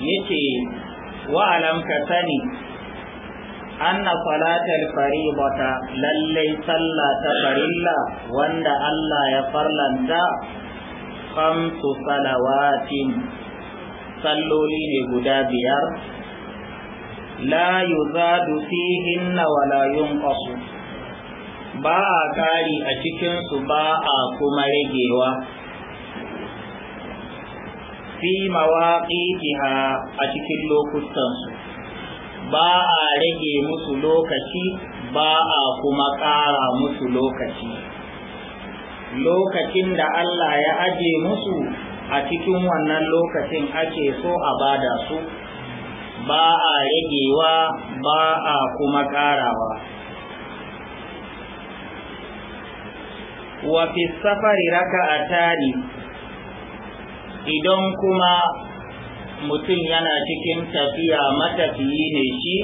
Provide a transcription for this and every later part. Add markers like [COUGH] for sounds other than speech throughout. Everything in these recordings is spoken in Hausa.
yace wa alam ka sani anna salatal faribata lallai sallah ta farilla wanda Allah ya farlanta khamsu salawatin salloli ne guda biyar la yuzadu fihinna wa la yunqasu ba a kari a cikinsu ba a kuma ragewa fi mawaqiqiha a cikin lokutan su ba a rage musu lokaci ba a kuma ƙara musu lokaci lokacin da Allah ya aje musu a cikin wannan lokacin ake so a bada su ba a ragewa ba a kuma ƙarawa wa fi safari raka'atani idan kuma mutum yana cikin tafiya matafiyi ne shi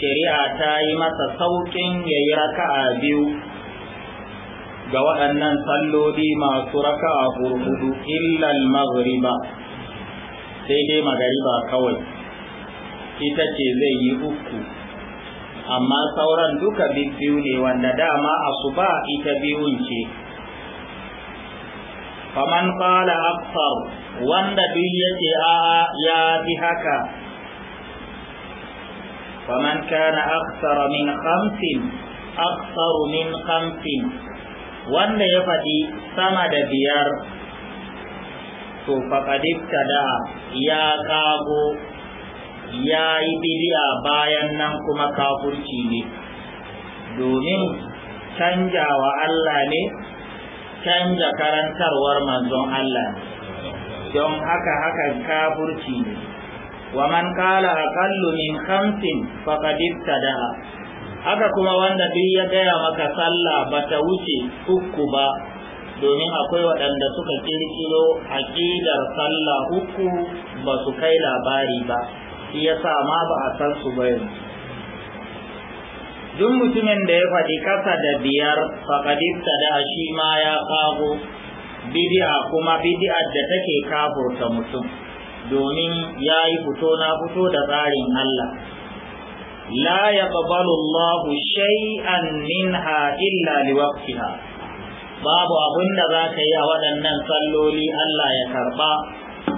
shari'a ta yi masa sauƙin ya yi raka'a biyu ga waɗannan salloli masu raka'a hurhudu illal maghriba sai dai magariba kawai ita ce zai yi uku amma sauran duka biyu ne wanda dama asuba ita biyun ce faman qala akthar wanda duk yace a'a ya fi haka faman kana akthar min khamsin akthar min khamsin wanda ya faɗi sama da biyar to faƙadifta da ya kago ya yi bidi'a bayan nan kuma kafurci ne domin canjawa Allah ne canza karantarwar manzon Allah don haka haka kafurci ne wa man kala aqallu min khamsin faqad ibtada'a haka kuma wanda duk ya gaya maka sallah ta wuce uku ba domin akwai waɗanda suka kirkiro aƙidar sallah uku ba su kai labari ba shi yasa ma ba a san su ba duk mutumin da ya faɗi ƙasa da biyar faƙadista da shi ma ya kago bidi'a kuma bidi'a da take kafurta mutum domin ya yi fito na fito da tsarin Allah la ya Allahu shay'an ha illa ha. babu abin da za ka yi a waɗannan salloli Allah ya karɓa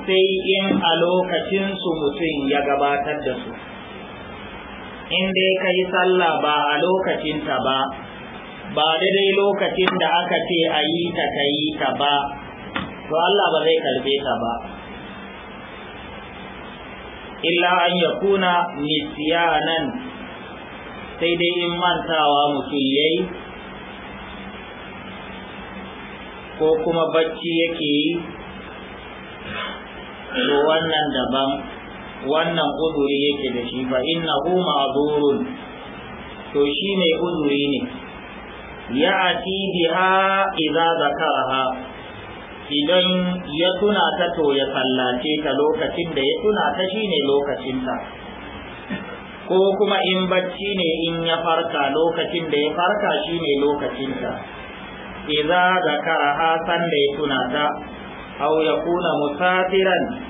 sai in a lokacinsu mutum ya gabatar da su indai ka yi sallah ba a lokacinta ba ba daidai lokacin da aka ce a yi ta ka yi ta ba to allah ba zai karbe ta ba illa an ya kuna nisyanan sai dai in mantawa mutum yayi ko kuma bacci yake yi to wannan daban wannan uzuri yake da shi fa hu ma'zurun to shi mai uzuri ne ati biha idza zakaraha idan ya tuna ta to ya sallace ta lokacin da ya tuna ta shine ta, ko kuma in bacci ne in ya farka lokacin da ya farka shine ta idza zakaraha san da ya tuna ta aw yakuna musafiran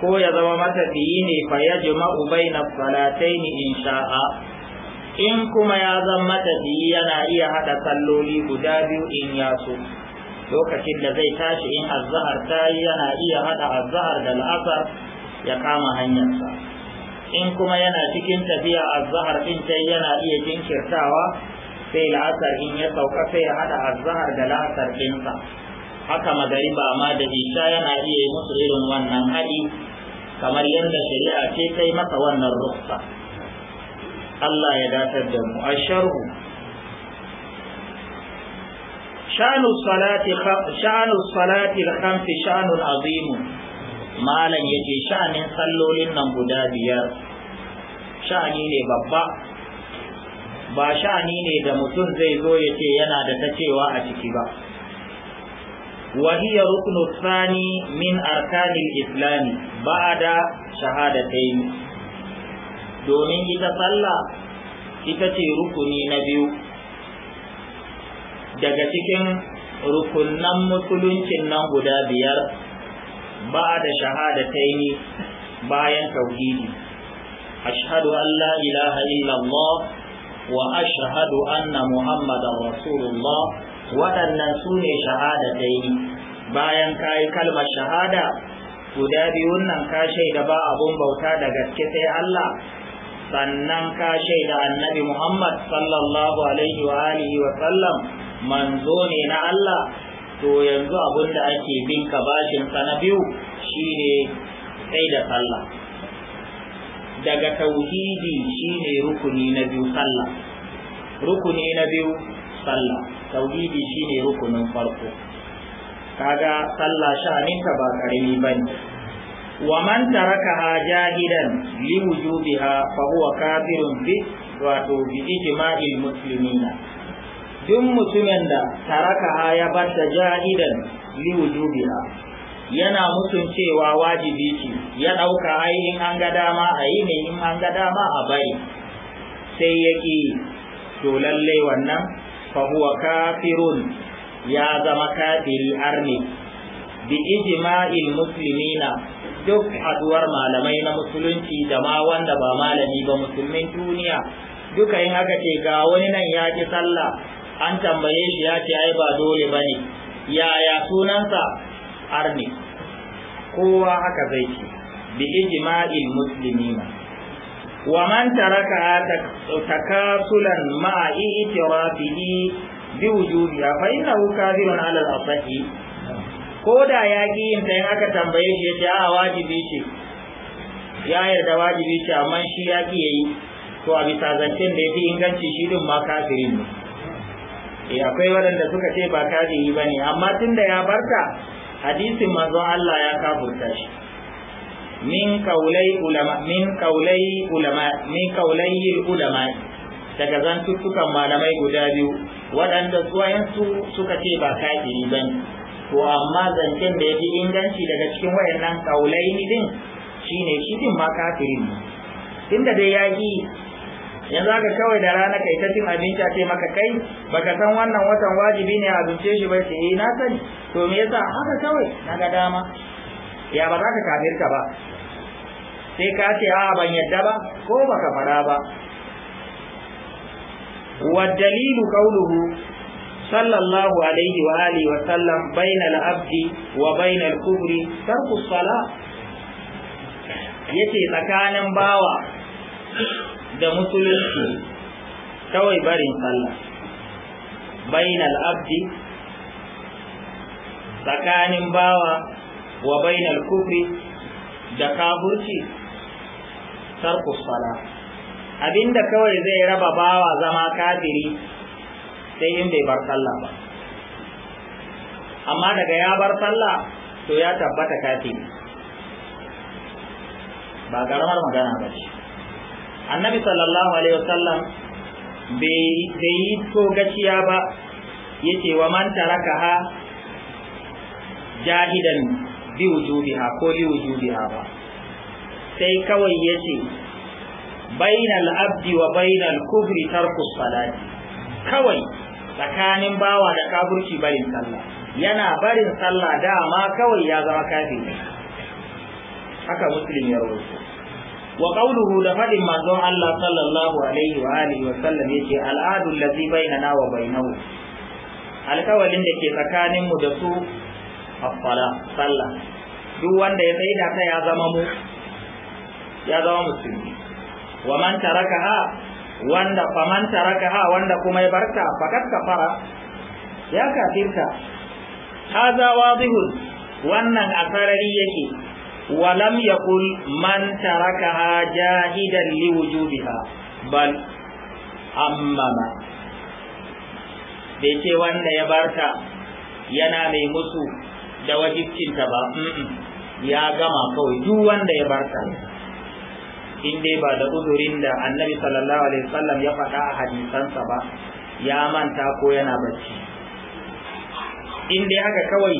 ko ya zama matafiyi ne fa ya jima'u baina salataini in sha'a in kuma ya zama matafiyi yana iya hada salloli guda biyu in ya so lokacin da zai tashi in azhar ta yi yana iya hada azhar da al'asar ya kama hanyarsa in kuma yana cikin tafiya azhar din tai yana iya jinkirtawa sai la'asar in ya sauka sai ya hada azhar da la'asar dinsa haka ba ma da isha yana iya yi musu irin wannan haɗi kamar yadda shari'a ce ta yi masa wannan rufsa Allah ya datar da mu a sharhu shanu salati shanu salati malam yaje sha'anin sallolin nan guda biyar sha'ani ne babba ba sha'ani ne da mutum zai zo ya ce yana da ta cewa a ciki ba وهي ركن الثاني من أركان الإسلام بعد شهادتين domin ita sallah ita ce rukuni na biyu daga cikin rukunan musuluncin nan guda biyar ba da shahadataini bayan tauhidi ashhadu an la ilaha illallah wa ashhadu anna muhammadan rasulullah waɗannan su ne shahadataini bayan ka yi kalmar shahada guda biyun nan ka shaida ba abun bauta da gaske sai Allah sannan ka shaida annabi Muhammad sallallahu alaihi wa alihi wa sallam manzo ne na Allah to yanzu abun da ake bin ka bashin na biyu shine sai da sallah daga tauhidi shine rukuni na biyu sallah rukuni na biyu sallah tauhidi shine rukunin farko kaga sallah sha'aninta ba karimi bane wa man tarakaha jahidan li wujubiha fa huwa kafirun bi wato bi ijma'il muslimina duk mutumin da tarakaha ya barta jahidan li wujubiha yana mutuncewa wajibi ce ya ɗauka ai in an ga dama a yi ne in an ga dama a bai sai ya to lallai wannan fa huwa kafirun ya zama kafiri arni bi ijma'il muslimina duk haduwar malamai na musulunci da ma wanda ba malami ba musulmin duniya duka yin haka ce ga wani nan ya ki sallah an tambaye shi ya ce ai ba dole bane yaya sunansa arni kowa haka zai ce bi ijma'il muslimina man taraka takasulan مع itirafihi bi wujubiha fa innahu kadhibun ala al-asahi ko da ya ki yin ta aka tambaye shi yace a wajibi ce ya yarda wajibi ce amma shi ya ki yayi to a bisa zancen da yafi inganci shi din ma kafirin ne eh akwai waɗanda suka ce ba kafiri bane amma tunda ya barka hadisin manzo Allah ya kafurta shi min kaulai ulama min kaulai ulama min kaulai ulama daga zantuttukan malamai guda biyu waɗanda tsuwayensu suka ce ba kafiri ba ne to amma zancen da ya fi inganci daga cikin wayannan kaulai ni din shine shi din ma kafirin ne tunda dai ya yi yanzu haka kawai da rana kai ta cin abinci a ce maka kai baka san wannan watan wajibi ne a zuce shi ba sai eh, na sani to me yasa haka kawai na dama ya ba za ka kafirka ba sai ka ce a ban yadda ba ko baka fara ba والدليل قوله صلى الله عليه وآله وسلم بين العبد وبين الكفر ترك الصلاة yace tsakanin bawa da musulunci kawai barin sallah bainal abdi tsakanin bawa wa bainal kufri da kaburci tarku abinda kawai zai raba bawa zama kafiri sai in bai bar sallah ba amma daga ya bar sallah to ya tabbata kafiri ba karamar magana ba ce annabi sallallahu alaihi wasallam bai yi so gaciya ba ya ce wa man ha jahidan bi wujubiha ko bi wujubiha ba sai kawai ya ce. bainal abdi wa bainal ترك tarku كوي kawai tsakanin bawa da kaburci barin sallah yana barin sallah dama kawai ya zama kafiri haka muslim ya rawaito wa qawluhu da fadin manzo Allah sallallahu alaihi wa alihi wa sallam yace al'adu allazi bainana wa bainahu alkawalin da ke tsakanin mu da su afala sallah duk wanda ya tsaya ta ya zama mu ya zama musulmi wa man tarakaha wanda faman tarakaha wanda kuma ya barka fakat kafara ya kafirta hadha wadihun wannan asarari yake wa lam yakul man tarakaha jahidan li wujubiha bal amma bai ce wanda ya barka yana mai musu da wajibcinta ba ya gama kawai duk wanda ya barka in dai ba da uzurin da annabi sallallahu alaihi wasallam ya faɗa a hadisansa ba ya manta ko yana bacci in dai haka kawai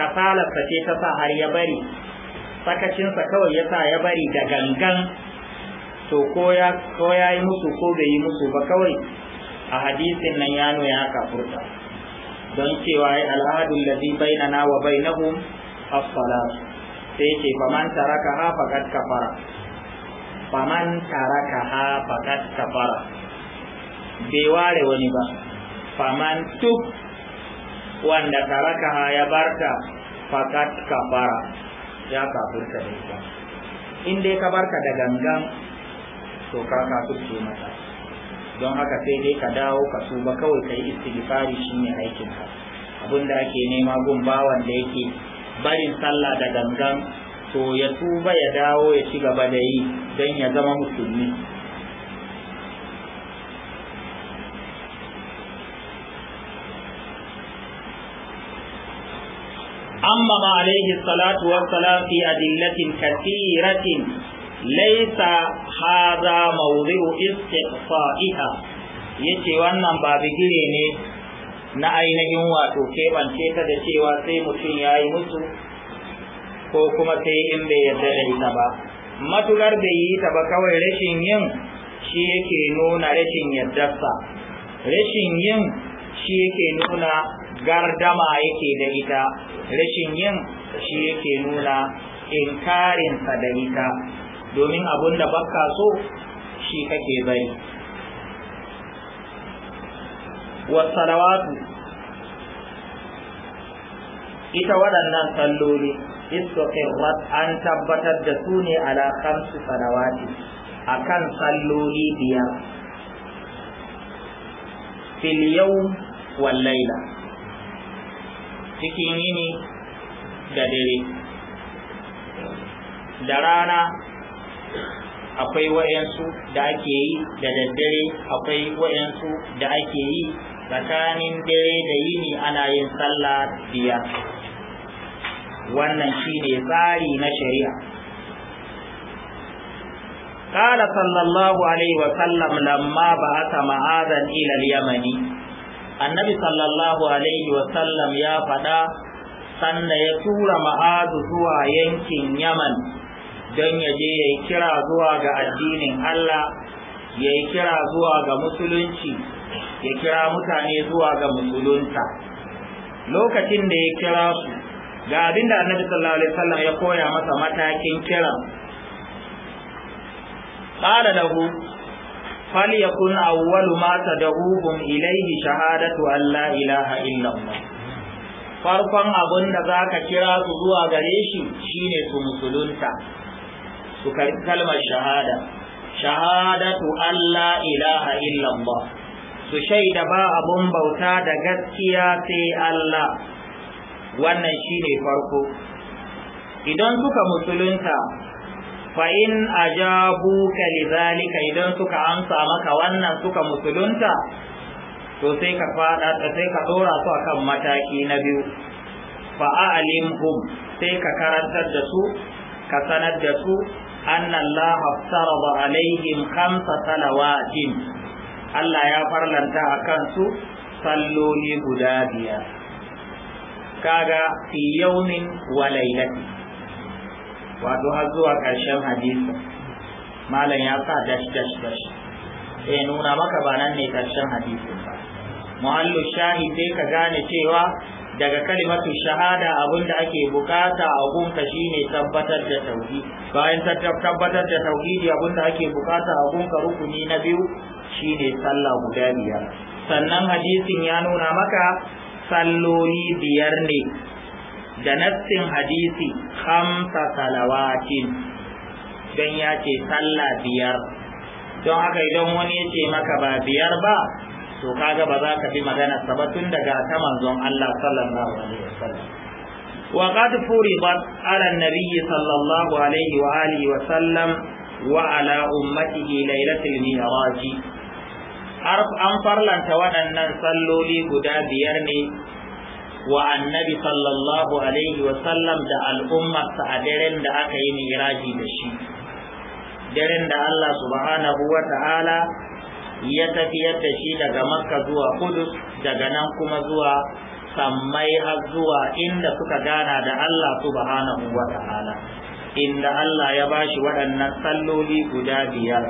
kasalarsa ce ta sa har ya bari sakacinsa kawai ya sa ya bari da gangan to ko ya ko ya yi musu ko bai yi musu ba kawai a hadisin nan ya nuna ya kafurta don cewa ya al'adun lazi bainana wa bainahum as-salat sai ce faman taraka ha faqad kafara faman taraka ha faqad kafara bai ware wani ba faman duk wanda taraka ha ya barta faqad kafara ya kafirta da ita in dai ka barka da gangan to ka kafirce mata don haka sai dai ka dawo ka ba, kawai kai istighfari shine aikin ka abinda ake nema gun da yake barin sallah da gangan to ya tuba ya dawo ya ci gaba da yi don ya zama musulmi ma ما salatu wa salam fi adillatin كثيرة laysa هذا موضع استقصائها yace wannan ba bigire ne na ainihin wato keɓance ta da cewa sai mutum ya yi musu ko kuma sai in bai yarda da ita ba matukar bai yi ta ba kawai rashin yin shi yake nuna rashin yardarsa rashin yin shi yake nuna gardama yake da ita rashin yin shi yake nuna inkarinsa da ita domin abun da baka so shi kake bari wasu salawatu ita waɗannan salloli istiqrat an tabbatar da su ne ala khamsi salawati akan salloli biyar fil yawm wal layla cikin yini da dare da rana akwai wa'yansu da ake yi da daddare akwai wa'yansu da ake yi tsakanin dare da yini ana yin sallah biyar wannan shi ne tsari na shari'a Kada sallallahu alaihi wa sallam nan ma ba ilal yamani annabi sallallahu alaihi ya faɗa sannan ya tura ma'azu zuwa yankin yaman don ya je ya yi kira zuwa ga addinin allah ya yi kira zuwa ga musulunci ya kira mutane zuwa ga musulunta lokacin da ya kira su ga abin da annabi sallallahu alaihi wasallam ya koya masa matakin kira qala lahu yakun awwalu ma tad'uhum ilayhi shahadatu an la ilaha illa allah farkon abin da zaka kira su zuwa gare shi shine su musulunta su karbi kalmar shahada shahadatu an la ilaha illa allah su shaida ba abun bauta da gaskiya sai allah wannan shine farko idan suka musulunta fa in ajabuka lidhalika idan suka amsa maka wannan suka musulunta to sai ka fada sai ka dora su akan mataki na biyu fa a'limhum sai ka karantar da su ka sanar da su anna Allah aftarada alaihim khamsa salawatin Allah ya farlanta akan su salloli guda biyar kaga fi yaumin wa lailati wato har zuwa ƙarshen hadisi malam ya sa dash dash dash sai eh, nuna maka ba nan ne ƙarshen hadisi ba muhallu shahi sai ka gane cewa daga kalimatu shahada abinda ake bukata a gunka shine tabbatar da tauhidi bayan tabbatar da tauhidi abinda ake bukata a gunka rukuni na biyu shine sallah guda biyar sannan hadisin ya nuna maka salloli biyar ne da nassin hadisi hamsa salawatin don ya ce sallah biyar don haka idan wani ya ce maka ba biyar ba to kaga ba za ka bi magana ba tun daga ta manzon Allah sallallahu alaihi wasallam wa qad furidat ala an-nabiy sallallahu alaihi wa alihi wa sallam wa ala ummatihi lailatul mi'raj an farlanta waɗannan salloli guda biyar ne wa annabi sallallahu alaihi Wasallam da al'ummarsa a daren da aka yi miraji da shi daren da Allah subhanahu wa ta'ala ya tafiyar da shi daga makka zuwa kudus daga nan kuma zuwa sammai har zuwa inda suka gana da Allah subhanahu wa ta'ala inda Allah ya bashi waɗannan salloli guda biyar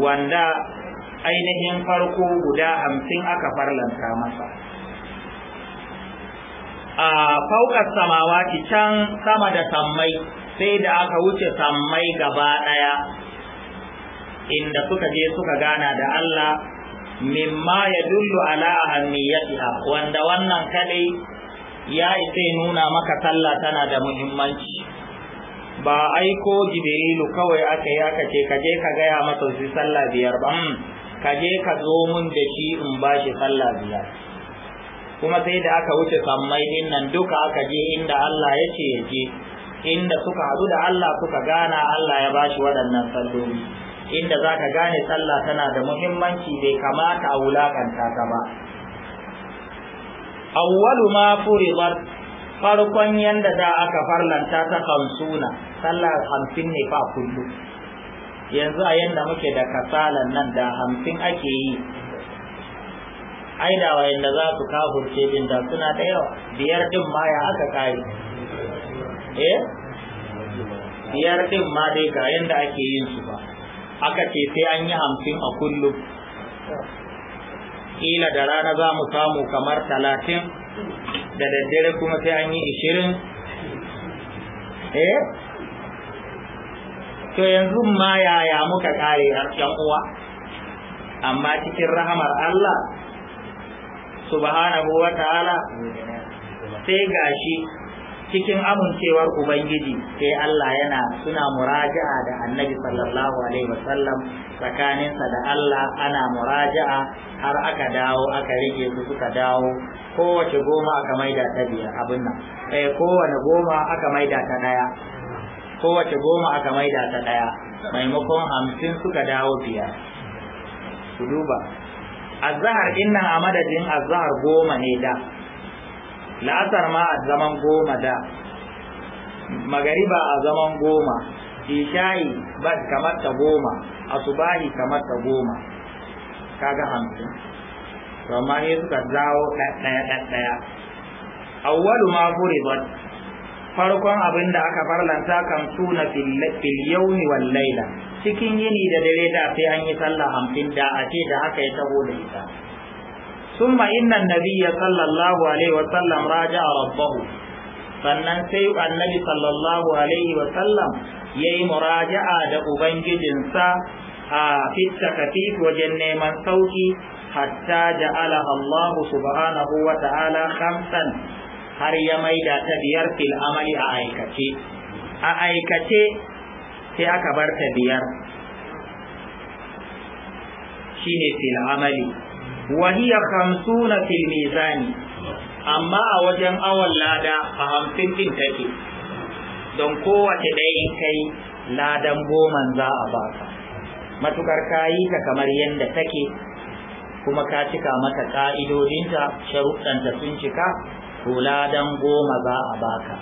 wanda ainihin farko guda hamsin aka farlanta masa a faukar ki can sama da sammai sai da aka wuce sammai gaba ɗaya inda suka je suka gana da Allah mimma ya dullu ala ahammiyatiha wanda wannan kadai ya isa nuna maka sallah tana da muhimmanci ba aiko jibrilu kawai aka yi aka ce ka je ka gaya masa su sallah biyar ba hmm. ka je ka zo mun da shi in ba shi sallah biyar kuma sai da aka wuce sammai din nan duka aka je inda Allah ya ce ya je inda suka hadu da Allah suka gana Allah ya ba shi waɗannan salloli inda za ka gane sallah tana da muhimmanci bai kamata a wulakanta ta ba awwalu ma furidat farkon yanda da aka farlanta ta hamsuna sallah hamsin ne fa kullum yanzu a yanda muke da kasalan nan da hamsin ake yi ai da wayanda za su kafurce din da suna da yawa biyar din ma ya aka kayi eh biyar din ma dai ga yanda ake yin su ba aka ce sai an yi hamsin a kullum kila da rana za mu samu kamar talatin da daddare kuma sai an yi ishirin eh to yanzu ma yaya muka kare yan uwa amma cikin rahamar Allah subhanahu wa ta'ala sai gashi cikin amincewar ubangiji sai Allah yana suna muraja'a da annabi sallallahu alaihi wasallam tsakaninsa da Allah ana muraja'a har aka dawo aka rike su suka dawo kowace goma aka maida ta biyar abin nan eh kowane goma aka maida ta daya kowace goma aka maida ta ɗaya maimakon hamsin suka dawo biyar ku duba azahar innan a madadin azahar goma ne da la'asar ma a zaman goma da magariba a zaman goma isha'i ba kamar ta goma asubahi kamar ta goma kaga hamsin to suka dawo ɗaya ɗaya awwalu ma furidat farkon abin da aka farlanta kan suna fil yawmi wal laila cikin yini da dare da sai an yi sallah hamsin da a ce da aka yi taho da ita summa inna nabiyya sallallahu alaihi wa sallam raja'a rabbahu sannan sai annabi sallallahu alaihi wa sallam yayi muraja'a da ubangijinsa a fitta kafif wajen neman sauki hatta ja'ala Allah subhanahu wa ta'ala khamsan har ya maida ta biyar fil amali a aikace a aikace sai aka bar ta biyar shine fil amali wa hiya khamsuna fil mizani amma a wajen awon lada a hamsin din take don kowace ɗaya kai ladan goman za a baka matukar kayi ta kamar yadda take kuma ka cika mata ƙa'idodinta sharuɗanta sun cika to ladan goma za a baka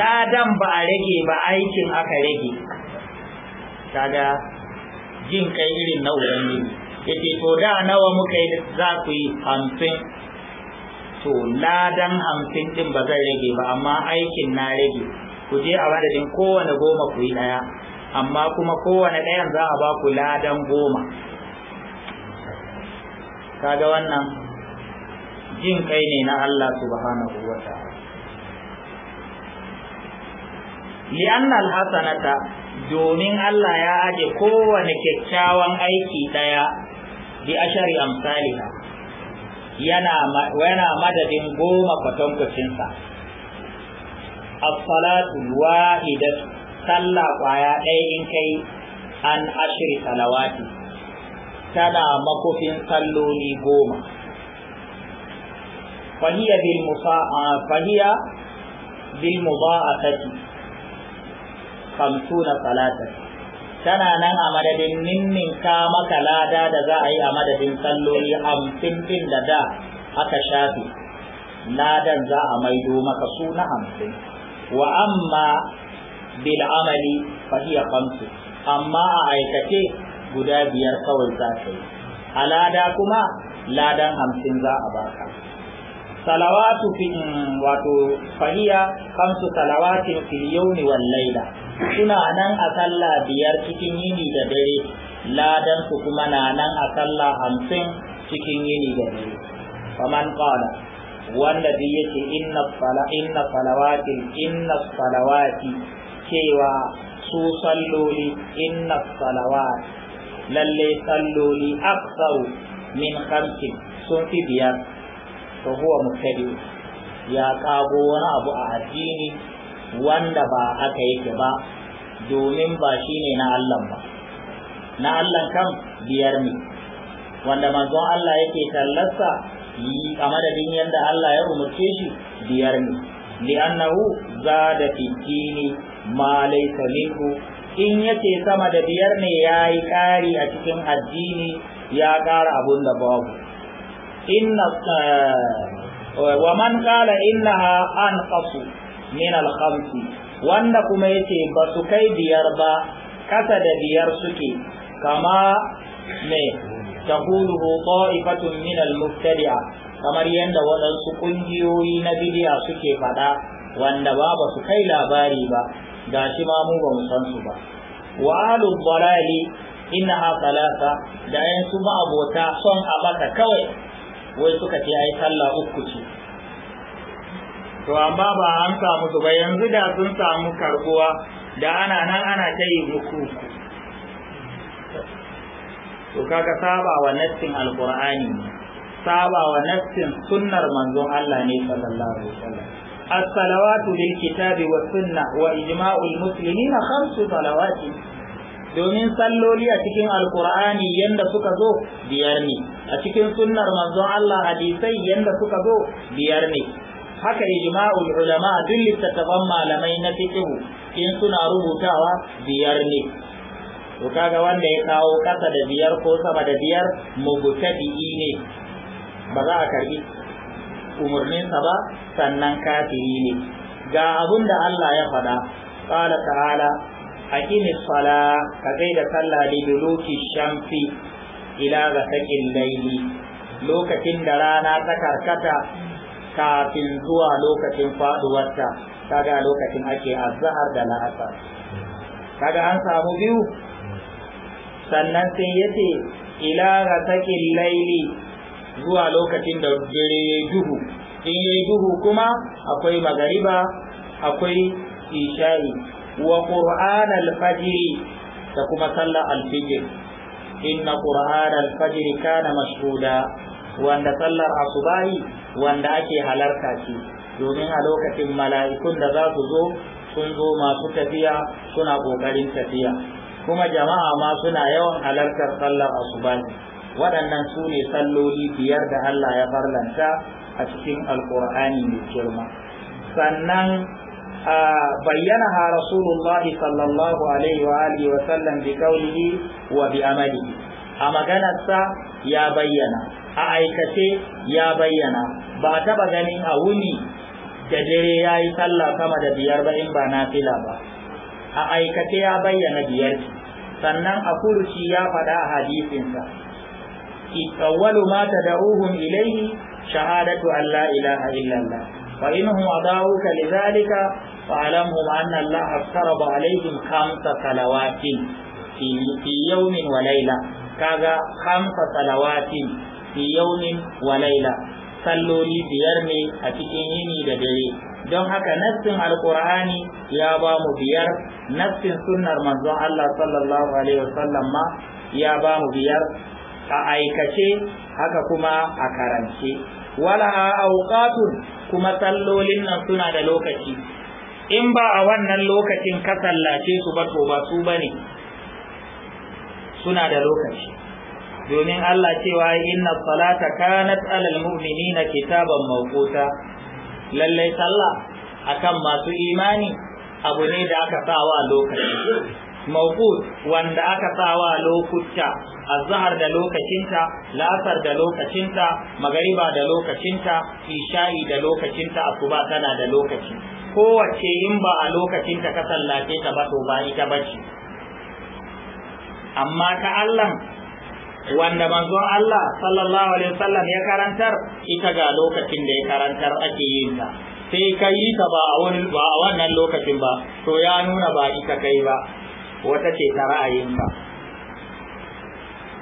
ladan ba a rage ba aikin aka rage kaga jin kai irin na ubangiji yace to da nawa muka yi za ku yi hamsin to ladan hamsin din ba zai rage ba amma aikin na rage ku je a madadin kowane goma ku yi ɗaya amma kuma kowane ɗayan za a ba ku ladan goma kaga wannan jin kai ne na Allah subhanahu wa ta'ala al-hasanata domin Allah ya aje kowane kyakkyawan aiki daya bi ashari amsalina yana yana madadin goma kwatankwacin sa as-salatu wahidat sallah kwaya ɗaya in kai an ashri salawati tana makofin salloli goma فهي بالمصاع فهي بالمضاعفة خمسون صلاة tana nan a madadin ninnin maka lada da za a yi a madadin salloli hamsin din da da aka shafe ladan za a maido maka su na hamsin wa amma bil amali fa amma a aikace guda biyar kawai za ka yi a lada kuma ladan hamsin za a baka salawatu fi wato fahiya kamsu salawatin fil yawmi wal layla suna nan a sallah biyar cikin yini da dare ladan su kuma na nan a sallah hamsin cikin yini da dare faman qala wanda bi yace inna sala inna salawati inna salawati cewa su salloli inna salawat lalle salloli aksaru min khamsin sun fi biyar to huwa mubtadi ya kago wani abu a addini wanda ba aka yake ba domin ba shine na Allah ba na Allah kan biyar ne wanda manzon Allah yake tallarsa a madadin yadda Allah ya umarce shi biyar ne li'annahu zada fi ma laysa minhu in yake sama da biyar ne yayi kari a cikin addini ya kara abun da babu inna wa man qala innaha anqasu min al khamsi wanda kuma yace ba su kai biyar ba kasa da biyar suke kama me tahuluhu ta'ifatun min al mubtadi'a kamar yadda waɗansu ƙungiyoyi na bidiya suke faɗa wanda ba ba su kai labari ba ga shi ma mu ba mu san su ba wa ahlul dalali innaha salasa da yan su ma abota son a baka kawai wai suka ce ai sallah uku ce to amma ba an samu su ba yanzu da sun samu karbuwa da ana nan ana ta yi muku to kaga saba wa nassin alqur'ani saba wa nassin sunnar manzon Allah ne sallallahu alaihi wasallam as-salawatu bil kitabi was sunnah wa ijma'ul muslimina khamsu salawati domin salloli a cikin alkur'ani yanda suka zo biyar ne a cikin sunnar manzon Allah hadisai yanda suka zo biyar ne haka ijma'ul ulama duk littattafan malamai na fiqh in suna rubutawa biyar ne to kaga wanda ya kawo kasa da biyar ko sama da biyar mubtadi'i ne ba za a karbi umarninsa ba sannan kafiri ne ga abun da Allah ya faɗa قال ta'ala aqimi sala ka da sallah li duluki shamsi ila ghasaqil laili, lokacin da rana ta karkata kafin zuwa lokacin faduwarta kaga lokacin ake azhar da la'asar kaga an samu biyu sannan sai yace ila ghasaqil laili, zuwa lokacin da dare ya duhu in yayi duhu kuma akwai magariba akwai isha'i wa qur'an da kuma sallar al-fajr inna qur'an al kana mashhuda wanda sallar asubahi wanda ake halarta ce domin a lokacin mala'ikun da za su zo sun zo masu tafiya suna ƙoƙarin tafiya kuma jama'a ma suna yawan halartar sallar asubahi waɗannan su ne salloli biyar da Allah ya farlanta a cikin alkur'ani mai girma sannan bayyanaha rasulullah sallallahu alaihi wa alihi wa sallam bi qawlihi a maganarsa ya bayyana a aikace ya bayyana ba a taɓa ganin a wuni da dare ya yi sallah sama da biyar ba in ba na fila ba a aikace ya bayyana biyar sannan a furuci ya faɗa a hadisinsa awwalu ma tad'uhum ilayhi shahadatu an la ilaha illallah wa inhum adauka lidhalika فاعلمهم أن الله افترض عليهم خمس صلوات في, يوم وليلة كذا خمس صلوات في يوم وليلة salloli biyar ne a cikin yini da dare don haka nassin alkur'ani ya ba mu biyar nassin sunnar manzon Allah sallallahu alaihi wasallam ma ya ba mu biyar a aikace haka kuma a karance wala a kuma sallolin nan suna da lokaci in ba a wannan lokacin ka sallace su ba to ba su bane suna da lokaci domin Allah cewa inna salata kanat alal mu'minina kitaban mawquta lallai sallah akan masu imani abu ne da aka sawa a lokaci mawqut wanda aka sawa a lokuta azhar da lokacinta la'asar da lokacinta magariba da lokacinta isha'i da lokacinta asuba tana da lokaci kowace in ba a lokacin ta ka sallace ta ba to ba ita ba ce amma ta Allah wanda manzon Allah sallallahu alaihi wasallam ya karantar ita ga lokacin da ya karantar ake yin ta sai ka yi ta ba a wannan lokacin ba to ya nuna ba ita kai ba wata ce ta ba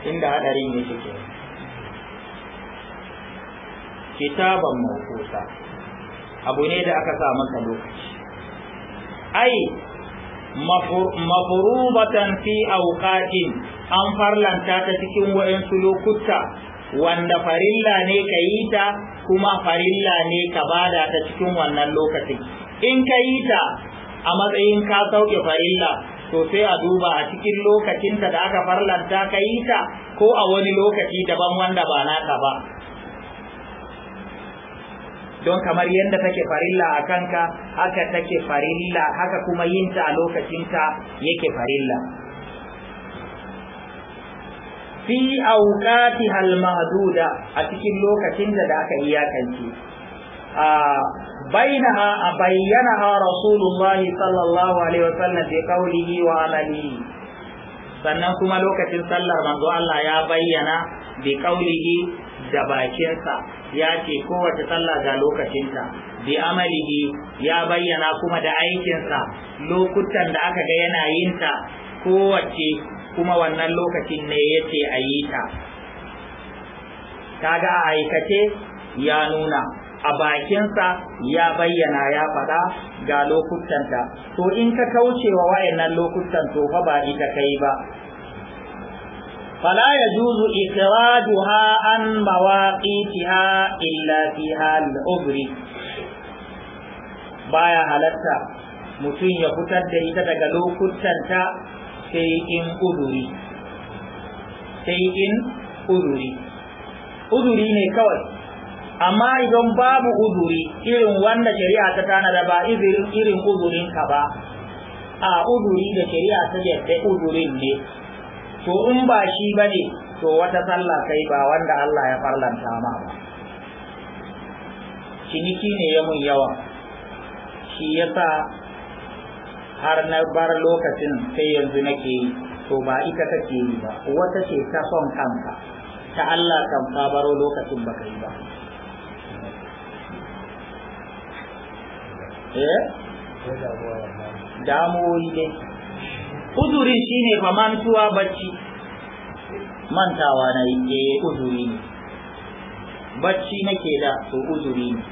inda hadarin yake ke kitaban mawquta abu ne da aka sa masa lokaci ai mafurubatan fi auqatin an farlanta ta cikin wa'insu lokuta wanda farilla ne ka yi ta kuma farilla ne ka bada ta cikin wannan lokacin in ka yi ta a matsayin ka sauke farilla to sai a duba a cikin lokacinta da aka farlanta ka yi ta ko a wani lokaci daban wanda ba naka ba don kamar yadda take farilla a kanka haka take farilla haka kuma yinta a lokacinta yake farilla fi auqati hal mahduda a cikin lokacin da aka iyakance a bainaha a ha rasulullah sallallahu alaihi wasallam bi qawlihi wa amalihi sannan kuma lokacin sallar manzo Allah ya bayyana bi qawlihi da bakinsa ya ce kowace sallah ga lokacinta bi amalihi ya bayyana kuma da aikinsa lokutan da aka ga yana yinta kowace kuma wannan lokacin ne ya ce a yi ta kaga a aikace ya nuna a bakinsa ya bayyana ya faɗa ga lokutanta to in ka kaucewa wa wa'annan lokutan to fa ba ita kai ba فلا يجوز إخراجها عن مواقيتها إلا فيها العبر Baya halarta mutum ya fitar da ita daga lokutanta sai in uzuri sai in uzuri uzuri ne kawai amma idan babu uzuri irin wanda shari'a ta da ba irin uzurin ka ba a uzuri da shari'a ta yadda uzurin ne to in ba shi ba ne to wata sallah kai ba wanda Allah ya farlanta ma ba ciniki ne ya mun yawa shi yasa har na bar lokacin sai yanzu nake yi to ba ita kake yi ba wata ce ta son kanka ta Allah kan ka baro lokacin ba ka yi ba eh damuwoyi dai uzurin shine fa mantuwa bacci mantawa na yi eh, uzuri ne bacci nake da to uzuri ne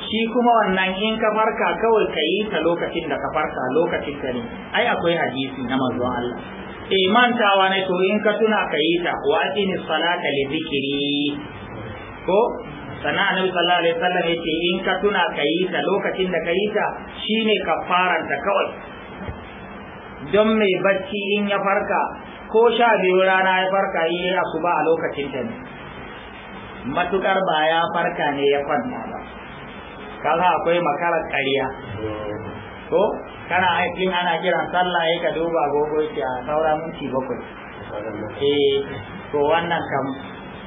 shi kuma wannan in ka farka kawai ka yi ta lokacin da ka farka lokacin ka ne ai akwai hadisi na manzon Allah eh mantawa ne to in ka tuna ka yi ta wa aqimi salata li zikiri ko sana na sallallahu alaihi wasallam yace in ka tuna ka yi ta lokacin da ka yi ta shine ta kawai don mai barci in ya farka ko sha biyu rana ya farka yi ya su ba a lokacin ta ne matukar ba ya farka ne ya kwanta ba kaza akwai makarar ƙarya ko kana aikin ana kiran sallah ya ka duba gogo ki a saura minti bakwai eh to wannan kam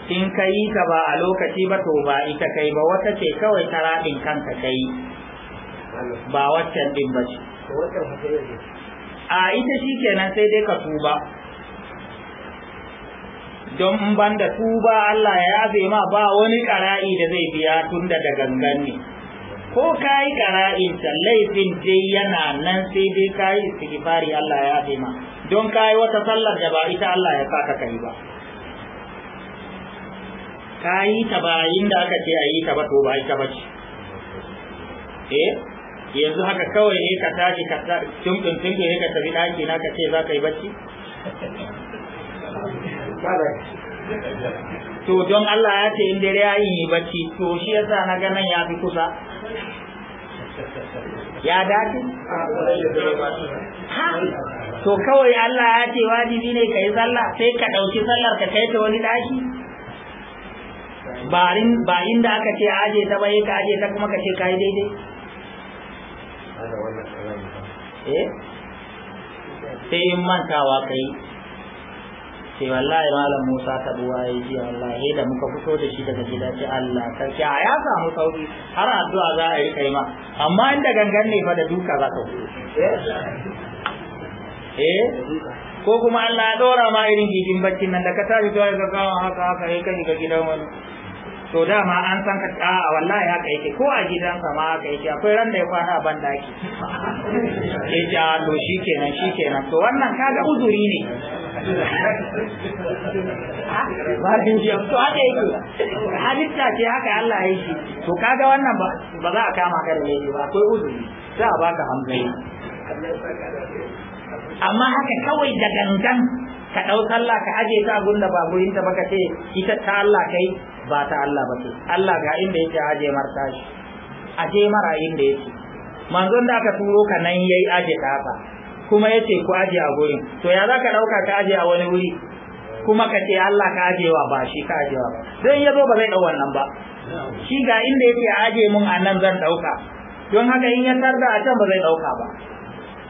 in ka yi ka ba a lokaci ba to ba ita kai ba wata ce kawai ta raɗin kanka kai ba waccan din ba ce a ita shi kenan sai dai ka tuba don ban da tuba Allah ya yabe ma ba wani kara'i da zai biya tun da gangan ne ko ka yi kara'in ta laifin dai yana nan sai dai ka yi istighfari Allah ya yabe ma don ka yi wata sallar da ba ita Allah ya saka kai ba ka yi ta ba inda aka ce a yi ta ba to ba ita ba eh yanzu haka kawai ne ka tashi ka tumɗin tumɗin ne ka tafi ɗaki na ka ce za ka yi bacci to don Allah ya ce in dare ya yi bacci to shi yasa na ganin ya fi kusa ya dace ha to kawai Allah ya ce wajibi ne ka yi sallah sai ka ɗauki sallar ka kai ta wani ɗaki ba inda aka ce aje ta bai ka aje ta kuma ka ce ka yi daidai Eh? sai in mantawa kai sai wallahi malam Musa ta buwa yi ji wallahi da muka fito da shi daga gida ce Allah sarki a ya samu sauki har addu'a za a yi kai ma amma inda gangan ne fa da duka za ka eh? eh ko kuma Allah ya dora ma irin gigin baccin nan da ka tashi zuwa ga haka haka kai ka shiga gidan wani to dama an san ka a wallahi haka yake ko a gidansa ma haka yake akwai ran da ya kwana ban daki Ke yake a to shi kenan. to wannan kaga uzuri ne [LAUGHS] Bakin shi to haka yake halitta ce haka Allah ya yi to kaga wannan ba za a kama ka da laifi ba akwai uzuri za a baka hankali amma haka kawai da gangan ka ɗau sallah ka aje ta abun da ba gurin baka ce ita ta Allah kai ba ta Allah ba ce Allah ga inda yake aje marta shi aje mara inda yake manzon da aka turo ka nan yayi aje ka, kuma yace ku aje a gurin to ya zaka dauka ka aje a wani wuri kuma ka ce Allah ka wa ba shi ka aje ba don ya zo ba zai dau wannan ba shi ga inda yake aje mun a nan zan dauka don haka in ya tarda a can ba zai dauka ba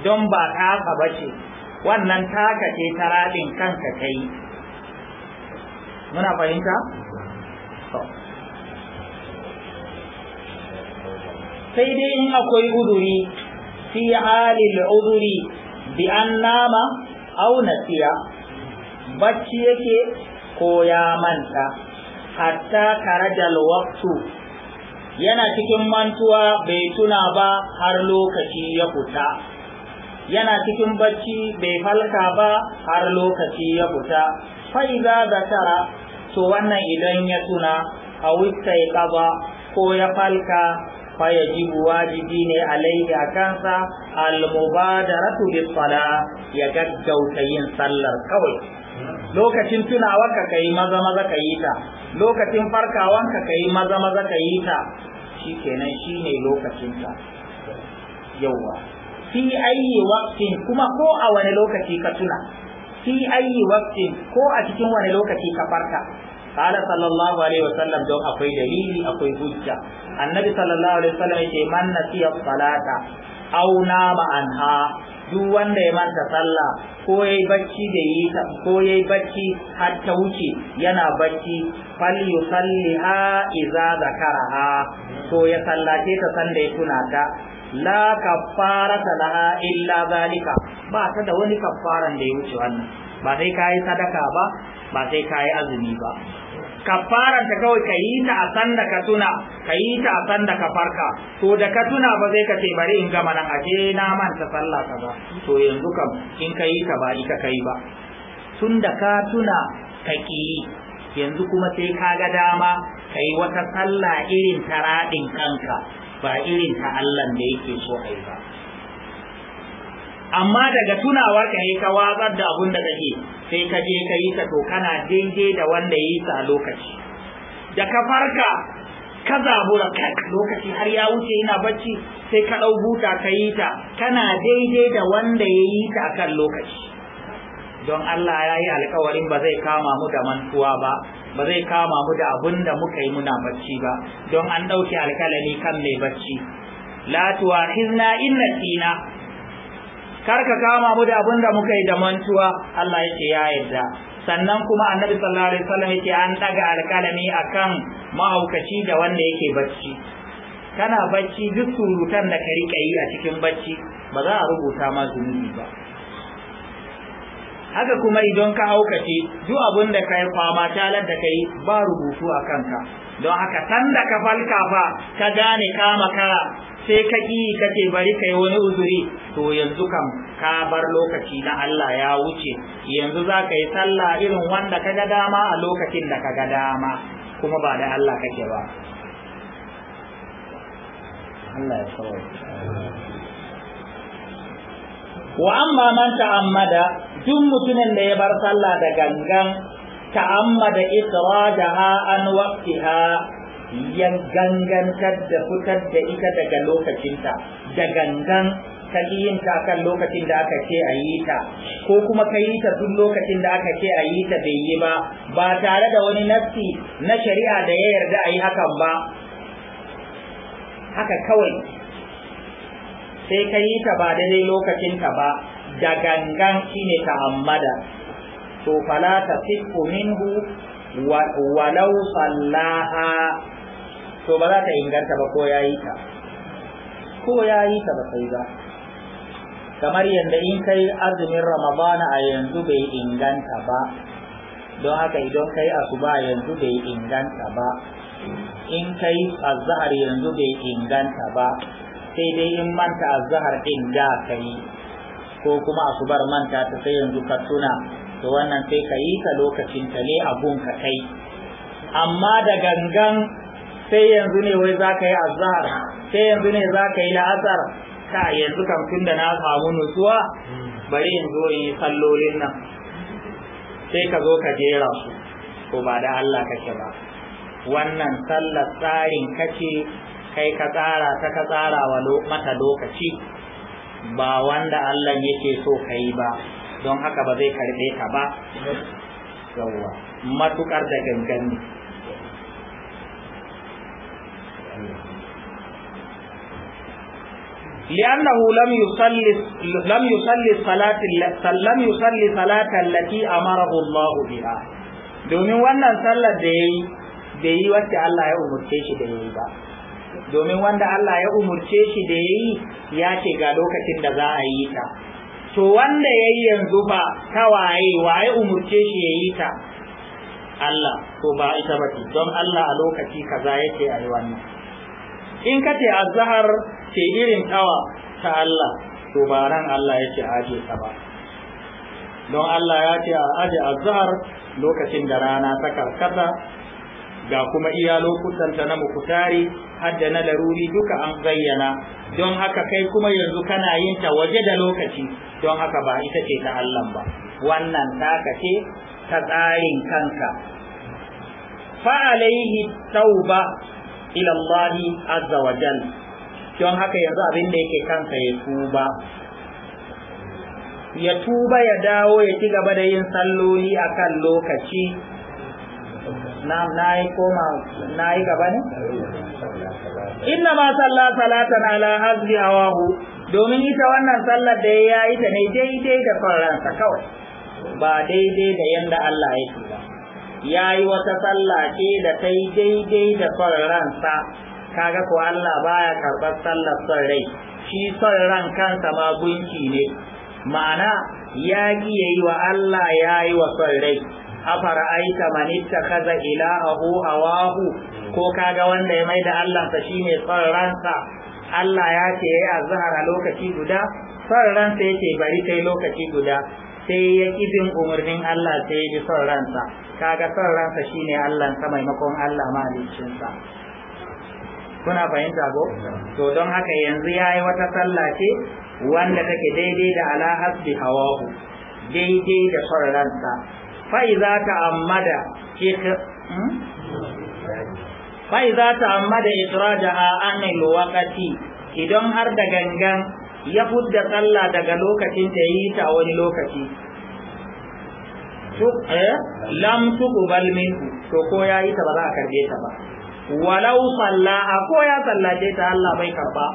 don ba taka ba ce wannan taka ce ta kanka kai muna fahimta sai dai in akwai uduri fi halil uduri bi an nama au nasiya bacci yake ko ya manta hatta karajal waqtu yana cikin mantuwa bai tuna ba har lokaci ya fita yana cikin bacci bai falka ba har lokaci ya fita fa'iza zakara to wannan idan ya tuna a wista ya kaba ko ya falka fa ya jibu wajibi ne alaihi a kansa almubadaratu bis sala ya gaggauta yin sallar kawai lokacin tunawar ka kai maza maza ka yi ta lokacin farkawan ka kai maza maza ka yi ta shikenan shine lokacin ta yawa fi ayi waqtin kuma ko a wani lokaci ka tuna fi ayi waqtin ko a cikin wani lokaci ka farka qala sallallahu alaihi wasallam don akwai dalili akwai hujja annabi sallallahu alaihi wasallam yake man nasiya salata aw nama anha duk wanda ya manta sallah ko yayi bacci da yi ta ko yayi bacci har ta wuce yana bacci fal yusalliha idza zakaraha to ya sallace ta sanda ya tuna ta la fara laha illa zalika ba ta da wani kafaran da ya wuce wannan ba sai ka yi sadaka ba ba sai ka yi azumi ba kafaran ta kawai ka yi ta a san ka tuna ka yi ta a san ka farka to da ka tuna ba zai ka ce bari in gama nan aje na manta sallah ka ba to yanzu kam in ka yi ta ba ita ka yi ba tun da ka tuna ka ki yanzu kuma sai ka ga dama ka yi wata sallah irin ta raɗin kanka ba irin ta Allah da yake so a yi ba amma daga tunawa ka yi ka watsar da abun da kake sai ka je ka yi ta to kana daidai da wanda ya yi ta lokaci da ka farka ka zabura lokaci har ya wuce yana bacci sai ka ɗau buta ka yi ta kana daidai da wanda ya yi ta kan lokaci don Allah ya yi alkawarin ba zai kama mu da mantuwa ba ba zai kama mu da abun da muka yi muna bacci ba don an ɗauke alkalami kan mai bacci la tuwa inna tina kar ka kama mu da abin muka yi da mantuwa Allah yake ya yarda sannan kuma annabi sallallahu alaihi wasallam yake an daga alkalami akan mahaukaci da wanda yake bacci kana bacci duk surutan da ka rika yi a cikin bacci ba za a rubuta ma zunubi ba haka kuma idan ka haukace duk abin da ka yi kwama talar da ka yi ba rubutu a kanka don haka san da ka falka fa ka gane ka maka sai ka ƙi ka ce bari kai wani uzuri to yanzu kam ka bar lokaci na Allah ya wuce yanzu za ka yi sallah irin wanda ka ga dama a lokacin da ka ga dama kuma ba da Allah kake ba Allah ya tsawo wa amma man ta'ammada duk mutumin da ya bar sallah da gangan ta'ammada ikradaha an waqtiha ya gangantar da fitar da ita daga lokacinta da gangan ka yin ta kan lokacin da aka ce a yi ta ko kuma ka yi ta duk lokacin da aka ce a yi ta bai yi ba ba tare da wani nassi na shari'a da ya yarda a yi hakan ba haka kawai sai ka yi ta ba daidai ta ba da gangan shine ta'ammada to fala ta sifu minhu walau sallaha to ba za ta inganta ba ko ya yi ta ko ya yi ta ba sai ba kamar yadda in kai azumin ramadana a yanzu bai inganta ba don haka idan kai asuba yanzu bai inganta ba in kai azhar yanzu bai inganta ba sai dai in manta azhar din da kai ko kuma asubar manta ta sai yanzu ka tuna to wannan sai ka yi ka lokacin ta ne abun ka kai amma da gangan sai yanzu ne wai za ka yi azhar sai yanzu ne za ka yi la'asar ka yanzu kan tun da na samu nutsuwa bari in zo yi sallolin nan sai ka zo ka jera su to ba da Allah kake ba wannan sallar tsarin kace kai ka tsara ta ka tsara wa mata lokaci ba wanda Allah yake so ka yi ba don haka ba zai karbe ka ba yawwa matukar da gangan ne لأنه لم يصلي لم يصلي الصلاة لم يصلي صلاة التي أمره الله بها domin wannan sallar da yayi bai yi wacce Allah ya umurce shi da yayi ba domin wanda Allah ya umurce shi da yayi ya ce ga lokacin da za a yi ta to wanda yayi yanzu ba ta waye waye umurce shi yayi ta Allah to ba ita ba don Allah a lokaci kaza yake ayi wannan in ka ce azhar ce irin tawa ta Allah to ba ran Allah yake aje ta ba don Allah ya ce a aje azhar lokacin da rana ta karkata ga kuma iya lokutanta na mukutari har da na laruri duka an zayyana don haka kai kuma yanzu kana yin ta waje da lokaci don haka ba ita ce ta Allah ba wannan taka ce ta tsarin kanka fa alaihi tauba ila Allah azza wa jal don haka yanzu abin da yake kanka ya tuba ya tuba ya dawo ya ci gaba da yin salloli akan lokaci na yi koma na gaba ne inna ma sallah salatan ala hazbi awahu domin ita wannan sallar da ya yi ta ne daidai da kwararsa kawai ba daidai da yanda Allah yake ba ya yi wata sallah ce da ta yi daidai da kwarransa kaga ko Allah baya karɓar sallar son rai shi son ran kansa ma gunki ne ma'ana ya ƙi ya yi wa Allah ya yi wa son rai afara'aita man ittakhadha ilahahu hawahu ko kaga wanda ya maida Allah sa shine son ransa Allah ya ce yayi azhar a lokaci guda son ransa yake bari sai lokaci guda sai ya kibin umarnin Allah sai ya bi son ransa kaga son ransa shine Allah sa maimakon Allah malicin sa kuna fahimta ko to don haka yanzu yayi wata sallah ce wanda take daidai da ala hasbi hawahu daidai da son Fa'i za ta fa'iza ta'ammada da a itrajaha anil waqti idan har da gangan ya fudda tsalla daga lokacin da yi ta wani lokaci lam tuqbal minhu to ko ya yi ta ba za a karbe ta ba walau tsalla a ko ya tsallace ta Allah bai karba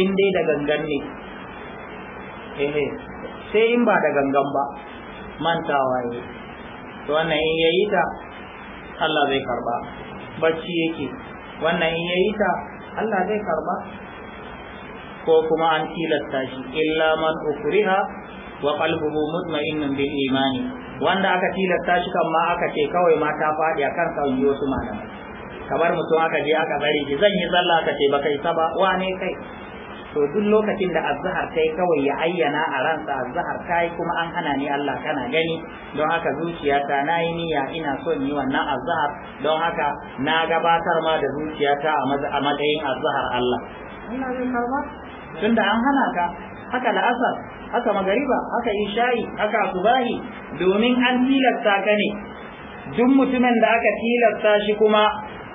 in dai da gangan ne sai in ba da gangan ba mantawa yi to wannan in yayi ta Allah zai karba bacci yake wannan in yayi ta Allah zai karba ko kuma an tilasta shi illa man ukriha wa qalbuhu mutma'innun bil imani wanda aka tilasta shi kan ma aka ce kawai ma ta faɗi akan sauyi wasu malamai kamar mutum aka je aka bari shi. zan yi sallah aka ce baka isa ba wane kai to duk lokacin da azhar yi kawai ya ayyana a ransa azhar yi kuma an hana ni Allah kana gani don haka zuciyata na yi niyya ina son yi wannan azhar don haka na gabatar ma da zuciyata a matsayin azhar Allah ina zai tunda an hana ka haka la'asar haka magariba haka isha'i haka subahi domin an tilasta ka ne duk mutumin da aka tilasta shi kuma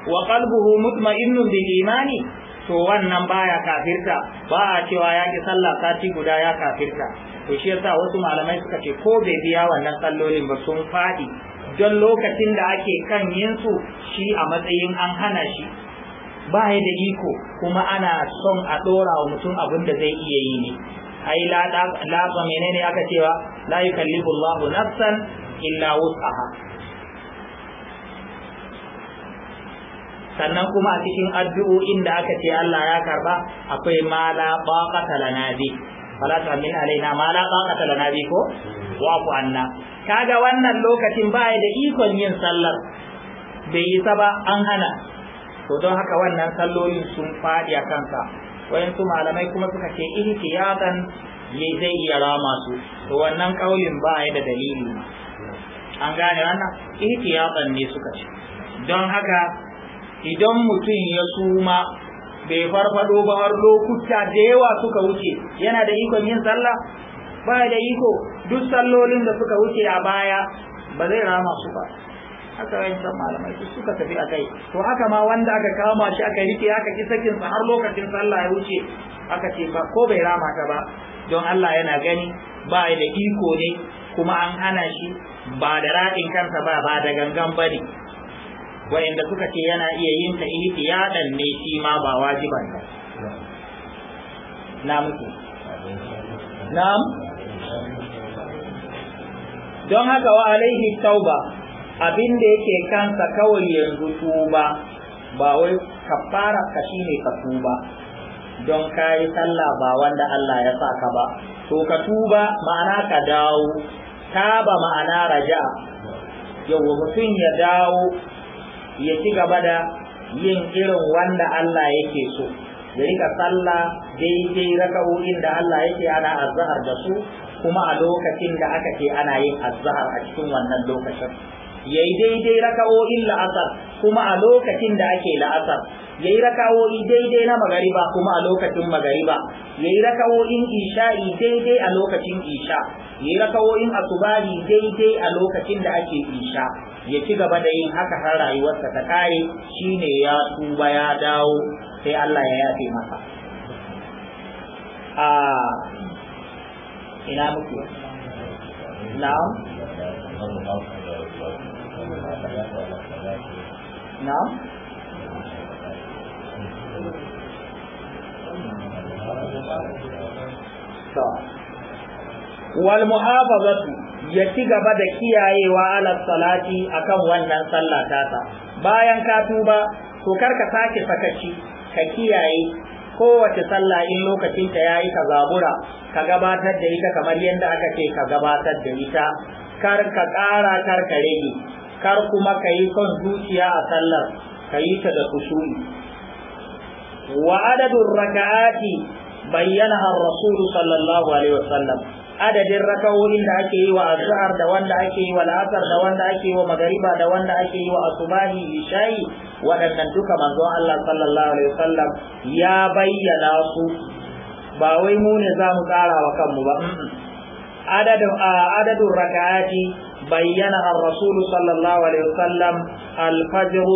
wa qalbuhu mutma'innun bil imani to wannan baya kafirta ba a cewa ya ki sallah sati guda ya kafirta to shi yasa wasu malamai suka ce ko bai biya wannan sallolin ba sun faɗi don lokacin da ake kan yin su shi a matsayin an hana shi ba ya da iko kuma ana son a ɗora wa mutum abin da zai iya yi ne ai la la menene aka cewa la yukallifu Allahu nafsan illa wus'aha sannan kuma a cikin addu'o'in da aka ce Allah ya karba akwai mala baqata lana bi fala tu'min alaina mala baqata lana bi ko wa ku anna kaga wannan lokacin ba da ikon yin sallar bai yi saba, an hana to don haka wannan sallolin sun fadi a kansa wayansu malamai kuma suka ce ihtiyadan ya zai iya rama su to wannan kaulin ba da dalili an gane wannan ihtiyadan ne suka ce don haka idan mutum ya suma bai farfado ba har lokuta da yawa suka wuce yana da ikon yin sallah ba da iko duk sallolin da suka wuce a baya ba zai rama su ba haka yin san malamai su suka tafi a kai to haka ma wanda aka kama shi aka rike aka ki sakin sa har lokacin sallah ya wuce aka ce ba ko bai rama ka ba don Allah yana gani ba da iko ne kuma an hana shi ba da raɗin kansa ba ba da gangan bane wa'inda suka ce yana iya yin ta dan ne shi ma ba wajiban ba na muku na'am don haka wa alaihi tauba abin da yake kansa kawai yanzu tuba ba wai kafara ka shine ka tuba don kayi sallah ba wanda Allah ya sa ka ba to ka tuba ma'ana ka dawo taba ma'ana raja yau mutum ya dawo ya ci gaba da yin irin wanda Allah yake so ya rika sallah daidai raka'o'in da Allah yake ana azhar da su kuma a lokacin da aka ce ana yin azhar a cikin wannan lokacin yayi daidai raka'o'in la'asar kuma a lokacin da ake la'asar ya yi rakawo'i daidai na magariba kuma a lokacin magariba ya yi rakawo'in isha'i daidai a lokacin isha ya yi rakawo'in asubari daidai a lokacin da ake isha ya ci gaba da yin haka har rayuwarsa ta kare ne ya tuba ya dawo sai Allah ya yafe masa a ina muku na'am na'am wal muhafazatu ya ci gaba da kiyayewa ala salati akan wannan sallah tata bayan ka tuba to kar ka sake sakaci ka kiyaye kowace sallah in lokacin ta yayi ka zabura ka gabatar da ita kamar yadda aka ce ka gabatar da ita kar ka kara kar ka rage kar kuma ka yi son zuciya a sallar ka yi ta da kusuri wa adadin raka'ati bayyana ar-rasul sallallahu alaihi wasallam adadin rakawoyin da ake yi wa azhar da wanda ake yi wa la'asar da wanda ake yi wa magariba da wanda ake yi wa asubahi isha'i waɗannan duka manzon Allah sallallahu alaihi wasallam ya bayyana su ba wai mu ne za mu tsara wa kanmu ba adadin adadin raka'ati bayyana ar-rasul sallallahu alaihi wasallam al-fajr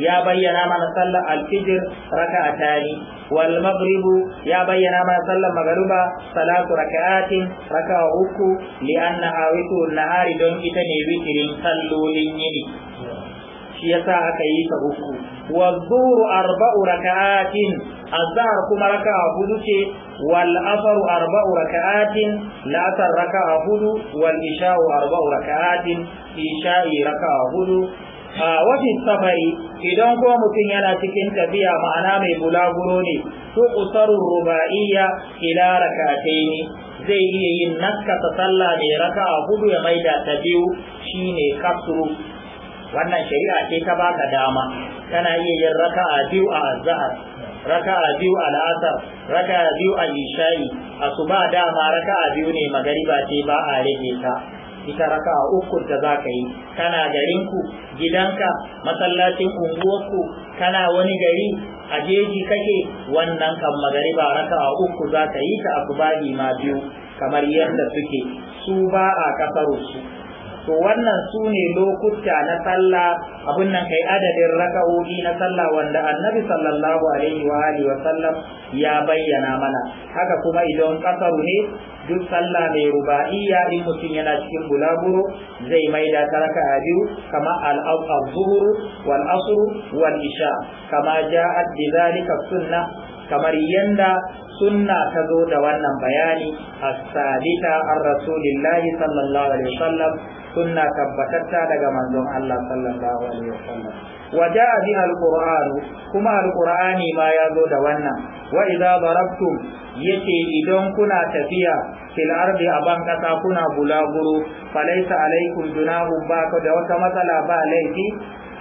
ya bayyana mana sallar al-fajr raka'atani wal maghrib ya bayyana mana sallar magruba salatu raka'atin raka'a uku li annaha witru nahari don ita ne witrin salloli yini shi yasa aka yi ta uku wa zuhru arba'u raka'atin azhar kuma raka'a hudu ce wal asr arba'u raka'atin la'asar raka'a hudu wal isha'u arba'u raka'atin isha'i a safari idan kuma mutum yana cikin tafiya ma'ana mai bulaguro ne to usarur ruba'iyya ila ne, zai iya yin naskata sallah ne raka'a hudu ya maida ta biyu shine kasru wannan shari'a ce ta baka dama kana iya yin raka'a biyu a azhar raka'a biyu a la'asar raka'a biyu a isha'i asuba dama raka'a biyu ne magariba ce ba a rage ta ita raka'a uku da za ka yi kana garinku gidanka masallacin unguwarku kana wani gari a jeji kake wannan kan magariba raka'a uku za ka yi ta asuba ma biyu kamar yadda suke su ba a kasarsu to wannan su ne lokuta na sallah abin nan kai adadin raka'o'i na sallah wanda annabi sallallahu alaihi wa alihi wa sallam ya bayyana mana haka kuma idan kasaru ne duk sallah mai ruba'iyya in mutum yana cikin bulaguro zai maida ta raka'a biyu kama al-zuhru wal asr wal isha kama ja'at bi dhalika sunna kamar yanda sunna ta zo da wannan bayani as-sabita ar-rasulillahi sallallahu alaihi sallam. sunna tabbatatta daga manzon Allah sallallahu alaihi wasallam wa jaa bi alquran kuma alqurani ma ya zo da wannan wa idza darabtum yace idan kuna tafiya fil ardi aban kasa kuna bulaguru falaisa alaikum junahun ba da wata matsala ba laifi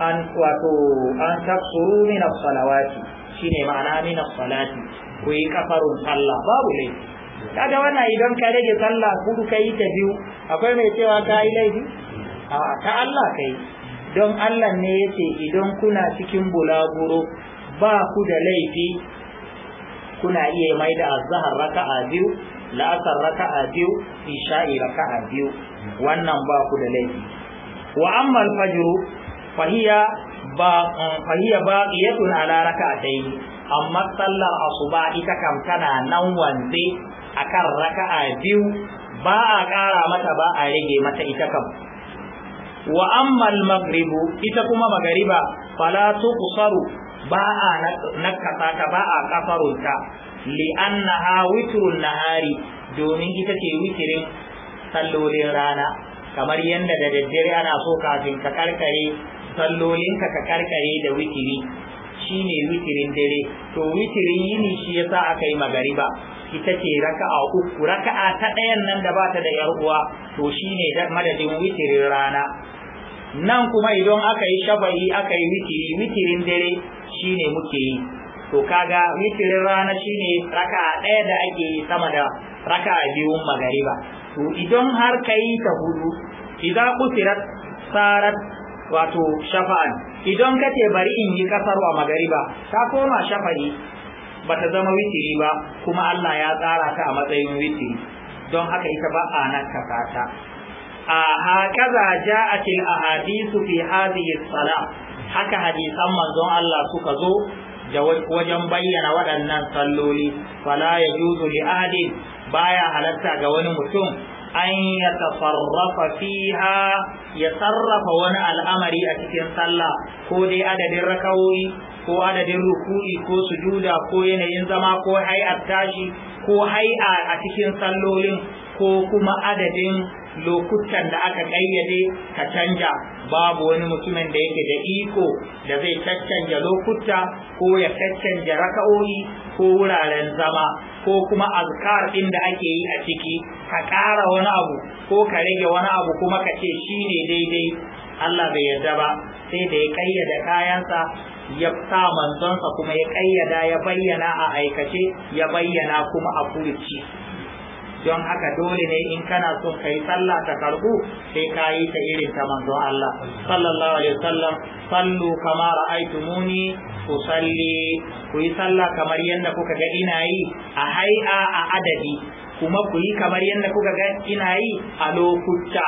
an wato an taksuru min as-salawati shine ma'ana min as-salati ku yi kafarun sallah babu laifi kaga wannan idan ka rage sallah kudu kai ta biyu akwai mai cewa ka yi laifi a ta Allah kai don Allah ne yace idan kuna cikin bulaguro ba ku da laifi kuna iya mai da azhar raka'a biyu asar raka'a biyu isha'i raka'a biyu wannan ba ku da laifi wa amma al-fajr fa hiya ba mm, fa hiya baqiyatun ala raka'atayn amma sallar asuba ita kam tana nan wanze akan raka'a biyu ba a ƙara mata ba a rage mata ita kam wa ammal maghribu ita kuma magariba fala tuqsaru ba a nakasa ta ba a kafarunta li annaha witrun nahari domin ita ce witirin sallolin rana kamar yadda da daddare ana so kafin ka karkare sallolinka ka karkare da witiri shine witirin dare to witirin yini shi yasa aka yi magariba ita ce raka'a uku raka'a ta ɗayan nan da ba ta da yar uwa to shine madadin witirin rana nan kuma idan aka yi shafa'i aka yi witiri witirin dare shine muke yi to kaga witirin rana shine raka'a ɗaya da ake yi sama da raka'a biyun magariba to idan har ka yi ta hudu idan kusirat sarat wato shafa'an idan ka ce bari in yi kasar wa magariba ka koma shafa'i bata zama witiri ba kuma Allah ya tsara ta a matsayin witiri don haka ita ba a nan kasata a hakaza ja'atil ahadisu fi hadhihi salah haka hadisan manzon Allah suka zo da wajen bayyana waɗannan salloli fala yajuzu li ahadin baya halatta ga wani mutum an ya tafarrafa fiha ya sarrafa wani al'amari a cikin sallah ko dai adadin rakawoyi ko adadin ruku'i ko sujuda ko yanayin zama ko hai'ar tashi ko hai'a a cikin sallolin ko kuma adadin lokutan da aka kayyade ka canja babu wani mutumin da yake da iko da zai caccanja lokuta ko ya caccanja raka'o'i ko wuraren zama ko kuma azkar ɗin da ake yi a ciki ka ƙara wani abu ko ka rage wani abu kuma ka ce shine daidai Allah bai yarda ba sai da ya kayyade kayansa ya sa manzonsa kuma ya ƙayyada ya bayyana a aikace ya bayyana kuma a furuci don haka dole ne in kana son kai sallah ta karbu sai ka yi ta irin ta manzon Allah sallallahu alaihi wasallam sallu kama ra'aytumuni usalli ku yi sallah kamar yadda kuka ga ina yi a hai'a a adadi kuma ku yi kamar yadda kuka ga ina yi a lokuta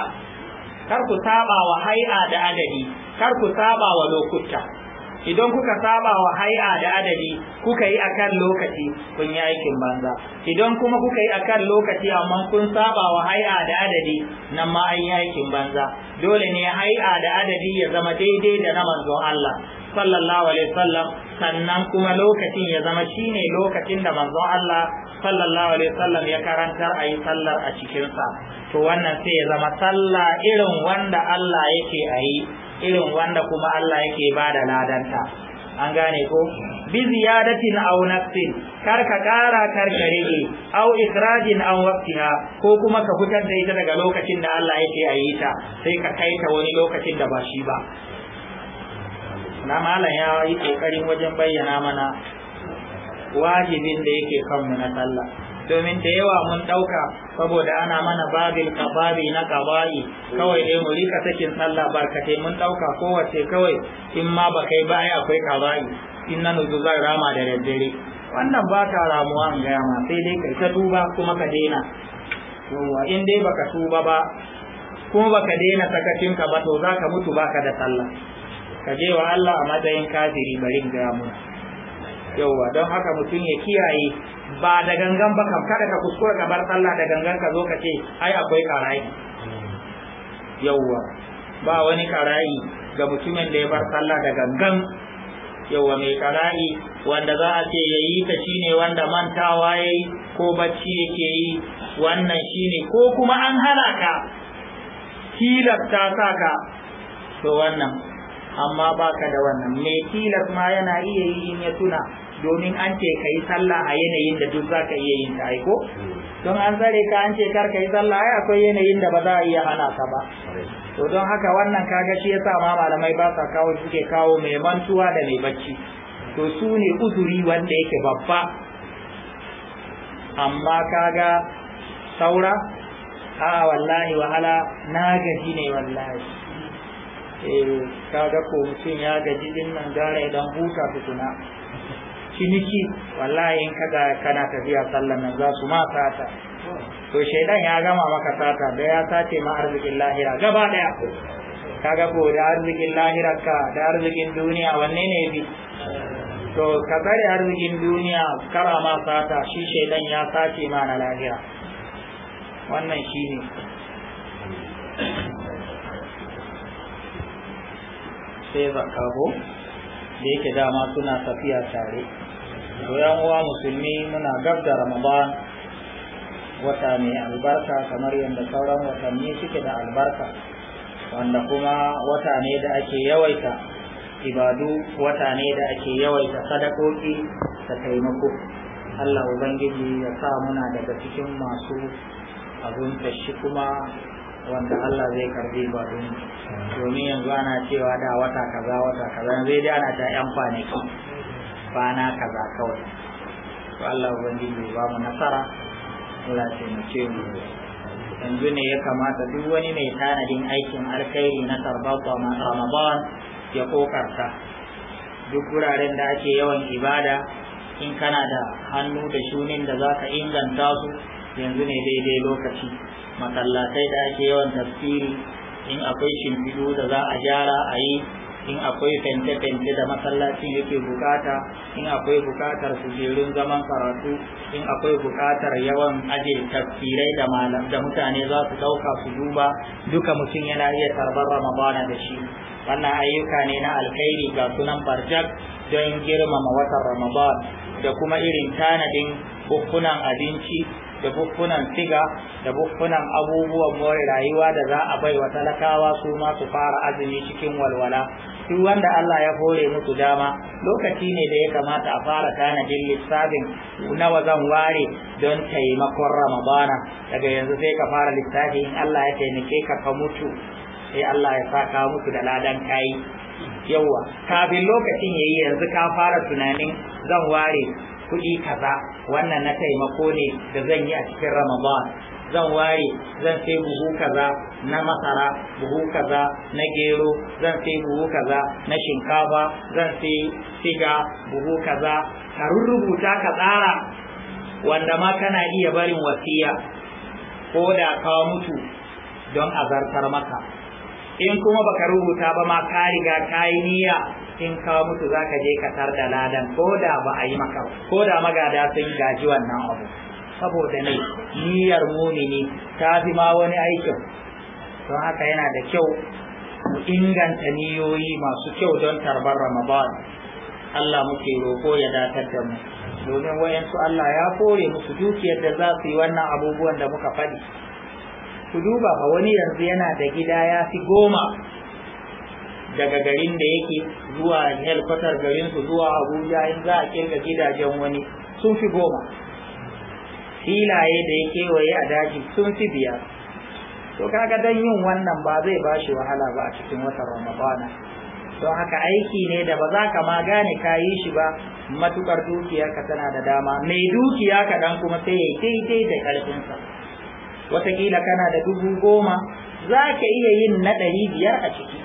kar ku saba wa hai'a da adadi kar ku saba wa lokuta idan kuka saba wa hai'a da adadi kuka yi akan lokaci kun yi aikin banza idan kuma kuka yi akan lokaci amma kun saba wa hai'a da adadi nan ma an yi aikin banza dole ne hai'a da adadi ya zama daidai da na manzon Allah sallallahu alaihi wasallam sannan kuma lokacin ya zama shine lokacin da manzon Allah sallallahu alaihi wasallam ya karantar a yi sallar a cikinsa to wannan sai ya zama sallah irin wanda Allah yake a yi irin wanda kuma Allah yake ba da ladanta an gane ko bi ziyadatin aw naqsin kar ka kara kar ka rage aw ikrajin aw waqtiha ko kuma ka fitar da ita daga lokacin da Allah yake ayi ta sai ka kai ta wani lokacin da ba shi ba na malam ya yi kokarin wajen bayyana mana wajibin da yake kanmu na sallah domin da yawa mun ɗauka saboda ana mana babil kababi na kaba'i kawai dai mu rika sakin sallah barkatai mun ɗauka kowace kawai in ma ba kai baya akwai kaba'i in na nuzu rama da daddare wannan ba ta ramuwa in gaya ma sai dai kai ta tuba kuma ka daina yawa in dai baka tuba ba kuma baka daina ka ba to zaka mutu baka da sallah ka je wa Allah a matsayin kafiri bari gaya mu yauwa don haka mutum ya kiyaye ba da gangan ba kam ka kuskura ka bar sallah da gangan ka zo ka ce ai akwai karayi yauwa ba wani karayi ga mutumin da ya bar sallah da gangan yauwa mai karayi wanda za a ce ya yi ta shine wanda mantawa ya yi ko bacci yake yi wannan shine ko kuma an hana ka tilasta sa ka to wannan amma baka da wannan mai tilas ma yana iya yi in ya tuna domin an ce ka yi sallah a yanayin da duk za ka iya yin ta aiko don an tsare ka an ce kar ka yi sallah ai akwai yanayin da ba za a iya hana ka ba to don haka wannan kaga shi yasa ma malamai ba sa kawo suke kawo mai mantuwa da mai bacci to su ne uzuri wanda yake babba amma kaga saura a wallahi wahala na gaji ne wallahi eh kaga ko mutum ya gaji din nan gara idan huta tukuna ciniki wallahi in kada kana tafiya sallan nan za su ma sata to shaidan ya gama maka sata da ya sace ma arzikin lahira gaba daya kaga ko da arzikin lahira ka da arzikin duniya wanne ne bi to ka tsare arzikin duniya kara ma sata shi shaidan ya sace ma na lahira wannan shi ne. sai zakabo da yake dama suna tafiya tare to yan uwa musulmi muna gab da ramadan wata mai albarka kamar yadda sauran watanni suke da albarka wanda kuma wata ne da ake yawaita ibadu wata ne da ake yawaita sadakoki da taimako Allah Ubangiji ya sa muna daga cikin masu abun tashi kuma wanda Allah zai karbi ba domin yanzu ana cewa da wata kaza wata kaza zai dai ana ta yan kwanaki kwana kaza kawai to Allah ubangiji ba mu nasara Allah sai mu ce mu yanzu ne ya kamata duk wani mai tanadin aikin alkhairi na tarbata ma Ramadan ya kokarta duk wuraren da ake yawan ibada in kana da hannu da shunin da zaka inganta su yanzu ne daidai lokaci masallatai da ake yawan tafsiri in akwai shimfiɗu da za a gyara a yi in akwai fente-fente da masallacin yake bukata in akwai bukatar kujerun zaman karatu in akwai bukatar yawan aje tafsirai da malam da mutane za su dauka su duba duka mutum yana iya tarbar ramadana da shi wannan ayyuka ne na alkhairi ga sunan barjak don girmama watan ramadan da kuma irin tanadin bukkunan abinci da bukkunan siga da bukkunan abubuwan more rayuwa da za a bai wa talakawa su ma su fara azumi cikin walwala su wanda Allah ya hore musu dama lokaci ne da ya kamata a fara tanadin lissafin nawa zan ware don taimakon ramadana daga yanzu sai ka fara lissafi in Allah ya taimake ka ka mutu sai Allah ya sa ka mutu da ladan kayi yawa kafin lokacin ya yi, yanzu ka fara tunanin zan ware kuɗi kaza wannan na taimako ne da zan yi a cikin ramadan zan ware zan sai buhu kaza na masara buhu kaza na gero zan sai buhu kaza na shinkafa zan sai siga buhu kaza ka rubuta ka tsara wanda ma kana iya barin wasiya ko da ka mutu don azartar maka in kuma baka rubuta ba ma ka riga ka yi niyya in ka mutu zaka je ka tar da ladan ko da ba a yi maka ko da magada sun gaji wannan abu saboda ne niyyar mumini ta fi ma wani aikin don haka yana da kyau mu inganta niyoyi masu kyau don tarbar ramadan Allah muke roƙo ya datar da mu domin wayansu Allah ya kore musu dukiyar da za su yi wannan abubuwan da muka faɗi ku duba ba wani yanzu yana da gida ya fi goma daga garin da yake zuwa garin su zuwa abuja in za a kirga gidajen wani sun fi goma filaye da ya kewaye a daji sun fi biyar to kaga dan yin wannan ba zai ba shi wahala ba a cikin watan ramadana don haka aiki ne da ba za ka ma gane ka yi shi ba matukar dukiyarka tana da dama mai dukiya kaɗan kuma sai ya daidai da ƙarfinsa watakila kana da dubu goma za ka iya yin na ɗari biyar a ciki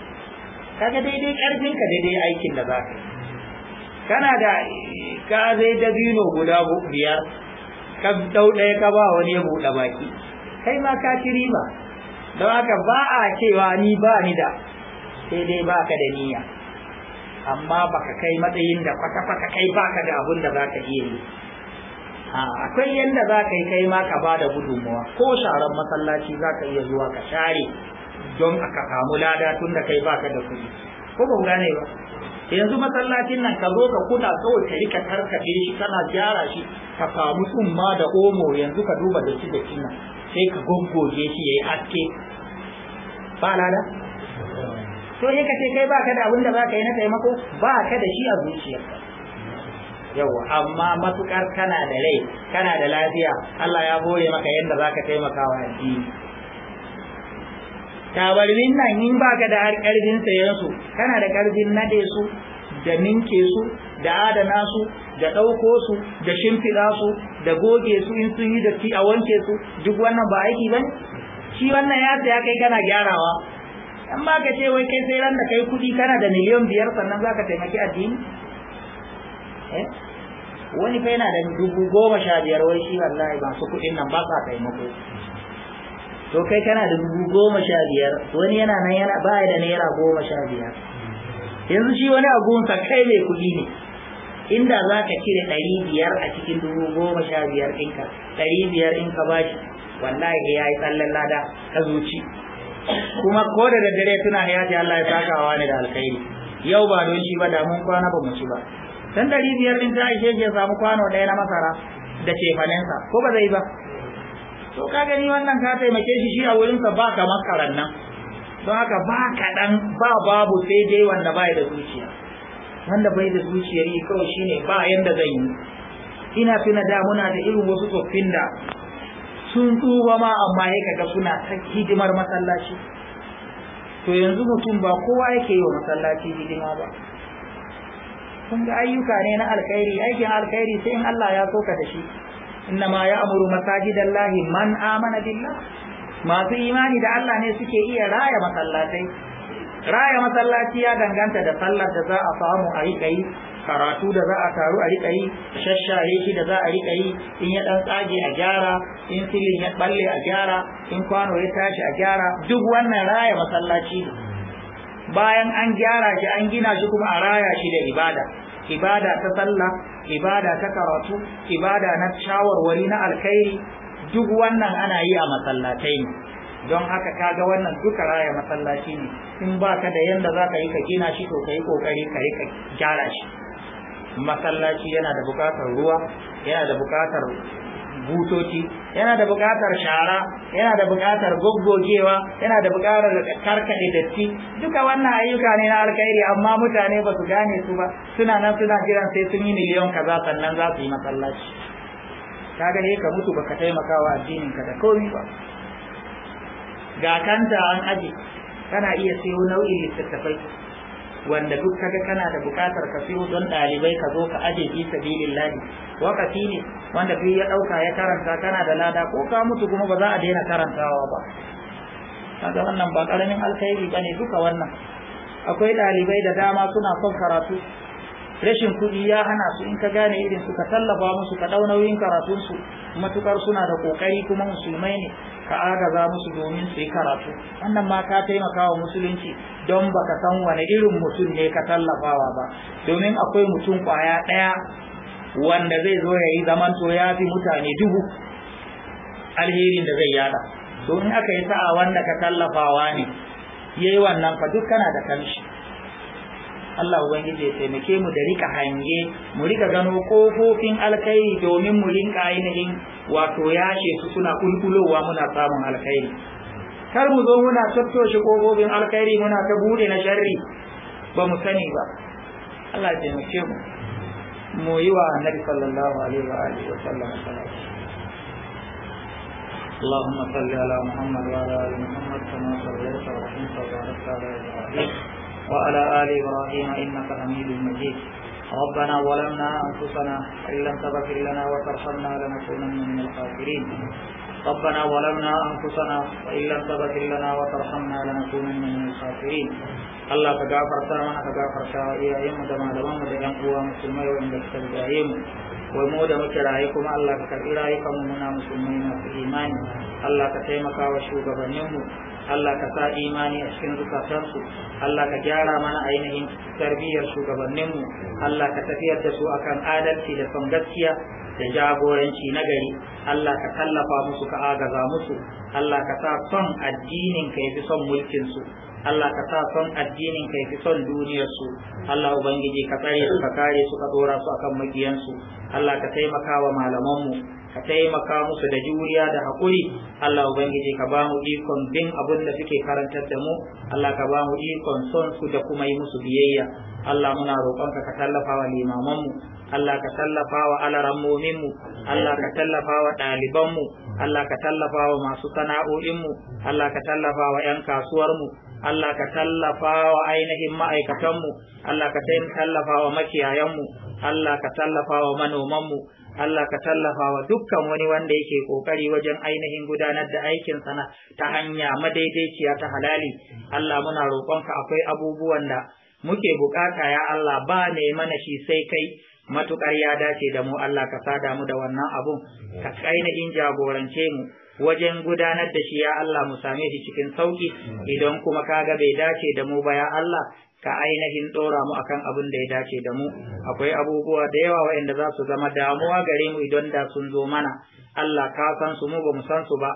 kaga daidai ƙarfinka daidai aikin da za ka yi kana da ka zai dabino guda biyar ka dau ɗaya ka ba wani ya buɗe baki kai ma ka ci riba don haka ba a cewa ni ba ni da sai dai ba ka da niyya amma ba ka kai matsayin da kwata-kwata kai baka da abun da za ka iya yi akwai yadda za ka yi kai ma ka ba da gudunmawa ko sharan masallaci za ka iya zuwa ka share don aka samu lada tun da kai baka da kuɗi ko ban gane ba yanzu masallacin nan ka zo ka kuna kawai ka rika karkaɗe shi kana gyara shi ka samu tsumma da omo yanzu ka duba da shi da shi nan sai ka goggoge shi yayi haske ba lada to in ka ce kai ba ka da abin da za ka yi na taimako ba ka da shi a zuciyarka Yau amma matukar kana da rai kana da lafiya Allah ya boye maka yadda za ka taimaka wa addini tabarmin nan in baka da har karfin sayan su kana da karfin nade su da ninke su da adana su da ɗauko su da shimfiɗa su da goge su in sun yi datti a wanke su duk wannan ba aiki ba shi wannan ya saya kai kana gyarawa an ba ce wai kai sai ran da kai kuɗi kana da miliyan biyar sannan za ka taimaki addini eh? wani fa yana da dubu goma sha biyar wai shi wallahi masu kuɗin nan ba sa taimako to kai kana da dubu goma sha biyar wani yana nan yana baya da naira goma sha biyar yanzu shi wani agunsa kai mai kuɗi ne inda za ka cire ɗari biyar a cikin dubu goma sha biyar ɗinka ɗari biyar in ka bashi wallahi ya yi tsallen lada ka zuci kuma ko da daddare tuna ya ce Allah ya sakawa ne da alkhairi yau ba don shi ba da mun kwana ba mu ci ba dan ɗari biyar ɗin ta ishe ke samu kwano ɗaya na masara da cefanensa ko ba zai ba to ka gani wannan ka taimake shi shi a wurinsa ba ka makaran nan don haka ba kaɗan ba babu sai dai wanda bai da zuciya wanda bai da zuciyar yi kawai shine ba yanda zai yi ina tuna da muna da irin wasu tsoffin da sun tsuba ma amma ya kaga suna ta hidimar masallaci to yanzu mutum ba kowa yake yi wa masallaci hidima ba kun ga ayyuka ne na alkhairi aikin alkhairi sai in Allah ya soka da shi innama ya amuru masajidallahi man amana billah masu imani da Allah ne suke iya raya masallatai raya masallaci ya danganta da sallar da za a samu a riƙa yi karatu da za a taru a riƙa yi shashare shi da za a riƙa yi in ya ɗan tsage a gyara in filin ya ɓalle a gyara in kwano ya tashi a gyara duk wannan raya masallaci bayan an gyara shi an gina shi kuma a raya shi da ibada ibada ta sallah ibada ta karatu ibada na shawarwari na alkhairi duk wannan ana yi a masallatai ne don haka kaga wannan duka raya masallaci ne in ba ka da yanda ka yi ka gina shi to kai kokari ka ka gyara shi masallaci yana da bukatar ruwa yana da bukatar butoci yana da buƙatar shara yana da buƙatar goggogewa yana da buƙatar karkaɗe datti duka wannan ayyuka ne na alkhairi amma mutane ba su gane su ba suna nan suna jiran sai sun yi miliyan kaza sannan za su yi masallaci ka gane ka mutu baka taimaka wa addinin ka da komi ba ga kanta an aji kana iya siyo nau'in littattafai wanda duk kaga kana da bukatar ka siyo don ɗalibai ka zo ka aje fi sabilillahi wakati ne wanda duk ya ɗauka ya karanta kana da lada ko ka mutu kuma ba za a daina karantawa ba kaga wannan ba ƙaramin alkhairi bane duka wannan akwai ɗalibai da dama suna son karatu rashin kuɗi ya hana su in ka gane irin su ka tallafa musu ka ɗau nauyin su. matukar suna da ƙoƙari kuma musulmai ne ka agaza musu domin su yi karatu wannan ma ka taimaka wa musulunci don baka san wani irin mutum ne ka tallafawa ba domin akwai mutum kwaya ɗaya wanda zai zo ya yi zamanto ya fi mutane dubu alherin da zai yada domin aka yi sa'a wanda ka tallafawa ne yayi wannan fa duk kana da kanshi Allah ubangiji ya taimake mu da rika hange mu rika gano kofofin alkhairi domin mu rinka ainihin wato yashe su suna kulkulowa muna samun alkhairi kar mu zo muna tattoshe kofofin alkhairi muna ta bude na sharri ba mu sani ba Allah ya taimake mu mu yi wa annabi sallallahu alaihi wa alihi wa sallam اللهم صل على محمد وعلى ال محمد كما صليت ورحمت وباركت على ابراهيم وعلى آل إبراهيم إنك حميد مجيد ربنا ظلمنا أنفسنا إن لم تغفر لنا وترحمنا لنكونن من الخاسرين ربنا ظلمنا أنفسنا إن لم تغفر لنا وترحمنا لنكونن من الخاسرين الله تجا فرسانا تجا فرسا إيهم دما دما مدعم قوة مسلمي وإن دكتر جاهم ومودا مكرايكم الله تكر إلايكم منا مسلمين في إيمان الله تكيمك وشوك بنيمه Allah ka sa imani a cikin zukatansu Allah ka gyara mana ainihin tarbiyyar shugabanninmu Allah ka tafiyar da su akan adalci da son gaskiya da jagoranci na gari Allah ka tallafa musu ka agaza musu Allah ka sa son addinin ka yafi son mulkin su Allah ka sa son addinin ka fi son duniyarsu Allah ubangiji ka tsare su ka kare su ka dora su akan makiyansu Allah ka taimaka wa malamanmu ka taimaka musu da juriya da haƙuri Allah ubangiji ka ba mu ikon bin abin da suke karantar da mu Allah ka ba mu ikon son su da kuma yi musu biyayya Allah muna roƙonka ka tallafa wa limamanmu Allah ka tallafa wa alarammominmu Allah ka tallafa wa ɗalibanmu Allah ka tallafa wa masu sana'o'inmu Allah ka tallafa wa 'yan kasuwarmu Allah ka tallafa wa ainihin ma'aikatanmu Allah ka tallafa wa makiyayanmu Allah ka tallafa wa manomanmu Allah ka tallafa wa dukkan wani wanda yake ƙoƙari wajen ainihin gudanar da aikin sana ta hanya madaidaiciya ta halali Allah muna roƙonka akwai abubuwan da muke buƙata ya Allah ba ne mana shi sai kai matukar ya dace da mu Allah ka sada mu da wannan abun ka ainihin jagorance mu wajen gudanar da shi ya Allah mu same shi cikin sauki idan kuma kaga bai dace da mu ba ya Allah ka ainihin ɗora mu akan abin da ya dace da mu akwai abubuwa da yawa waɗanda za su zama damuwa gare mu idan da sun zo mana Allah ka san su mu ba mu san su ba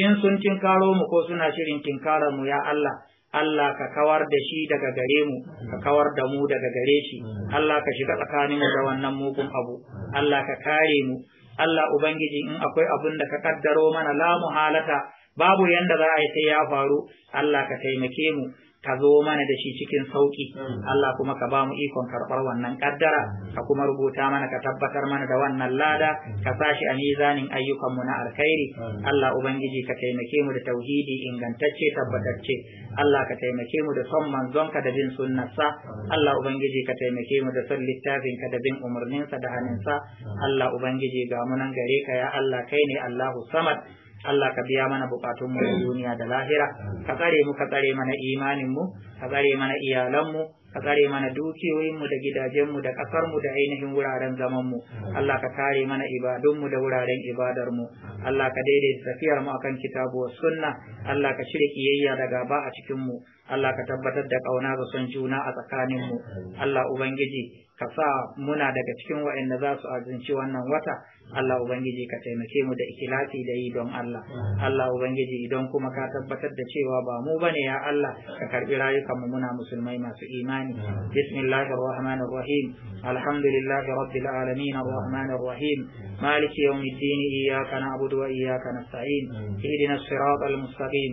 in sun tinkaro mu ko suna shirin tinkarar mu ya Allah Allah ka kawar da shi daga gare mu ka kawar da mu daga gare shi Allah ka shiga tsakaninmu da wannan mugun abu Allah ka kare mu Allah Ubangiji in akwai abin da ka kaddaro mana la muhalata babu yanda za a yi sai ya faru Allah ka taimake mu ka zo mana da shi cikin sauƙi. Mm. Allah kuma ka ba mu ikon karɓar wannan ƙaddara. Mm. ka kuma rubuta mana ka tabbatar mana da wannan lada mm. ka sashi a mizanin ayyukanmu na alkhairi Allah ubangiji ka taimake mu da tauhidi ingantacce tabbatacce Allah ka taimake mu da son manzonka da bin sunnarsa Allah ubangiji ka taimake mu da son littafin ka da bin umarninsa da haninsa Allah ubangiji ga mu nan gare ka ya Allah kai ne Allahu samad Allah ka biya mana bukatun mu duniya da lahira ka tsare mu ka tsare mana imanin mu ka tsare mana iyalanmu, ka tsare mana dukiyoyinmu da gidajenmu da ƙasarmu da ainihin wuraren zamanmu Allah ka kare mana ibadunmu da wuraren ibadarmu Allah ka daidaita tafiyar mu akan kitabu wa sunna Allah ka shirya kiyayya da gaba a cikinmu Allah ka tabbatar da ƙauna ga son juna a tsakaninmu Allah ubangiji ka sa muna daga cikin waɗanda za su azinci wannan wata Allah ubangiji ka taimake mu da ikilasi da yi don Allah Allah ubangiji idan kuma ka tabbatar da cewa ba mu bane ya Allah ka karbi rayukan mu muna musulmai masu imani bismillahir rahmanir rahim alhamdulillahi rabbil alamin arrahmanir rahim maliki yawmiddin iyyaka na'budu wa iyyaka nasta'in ihdinas siratal mustaqim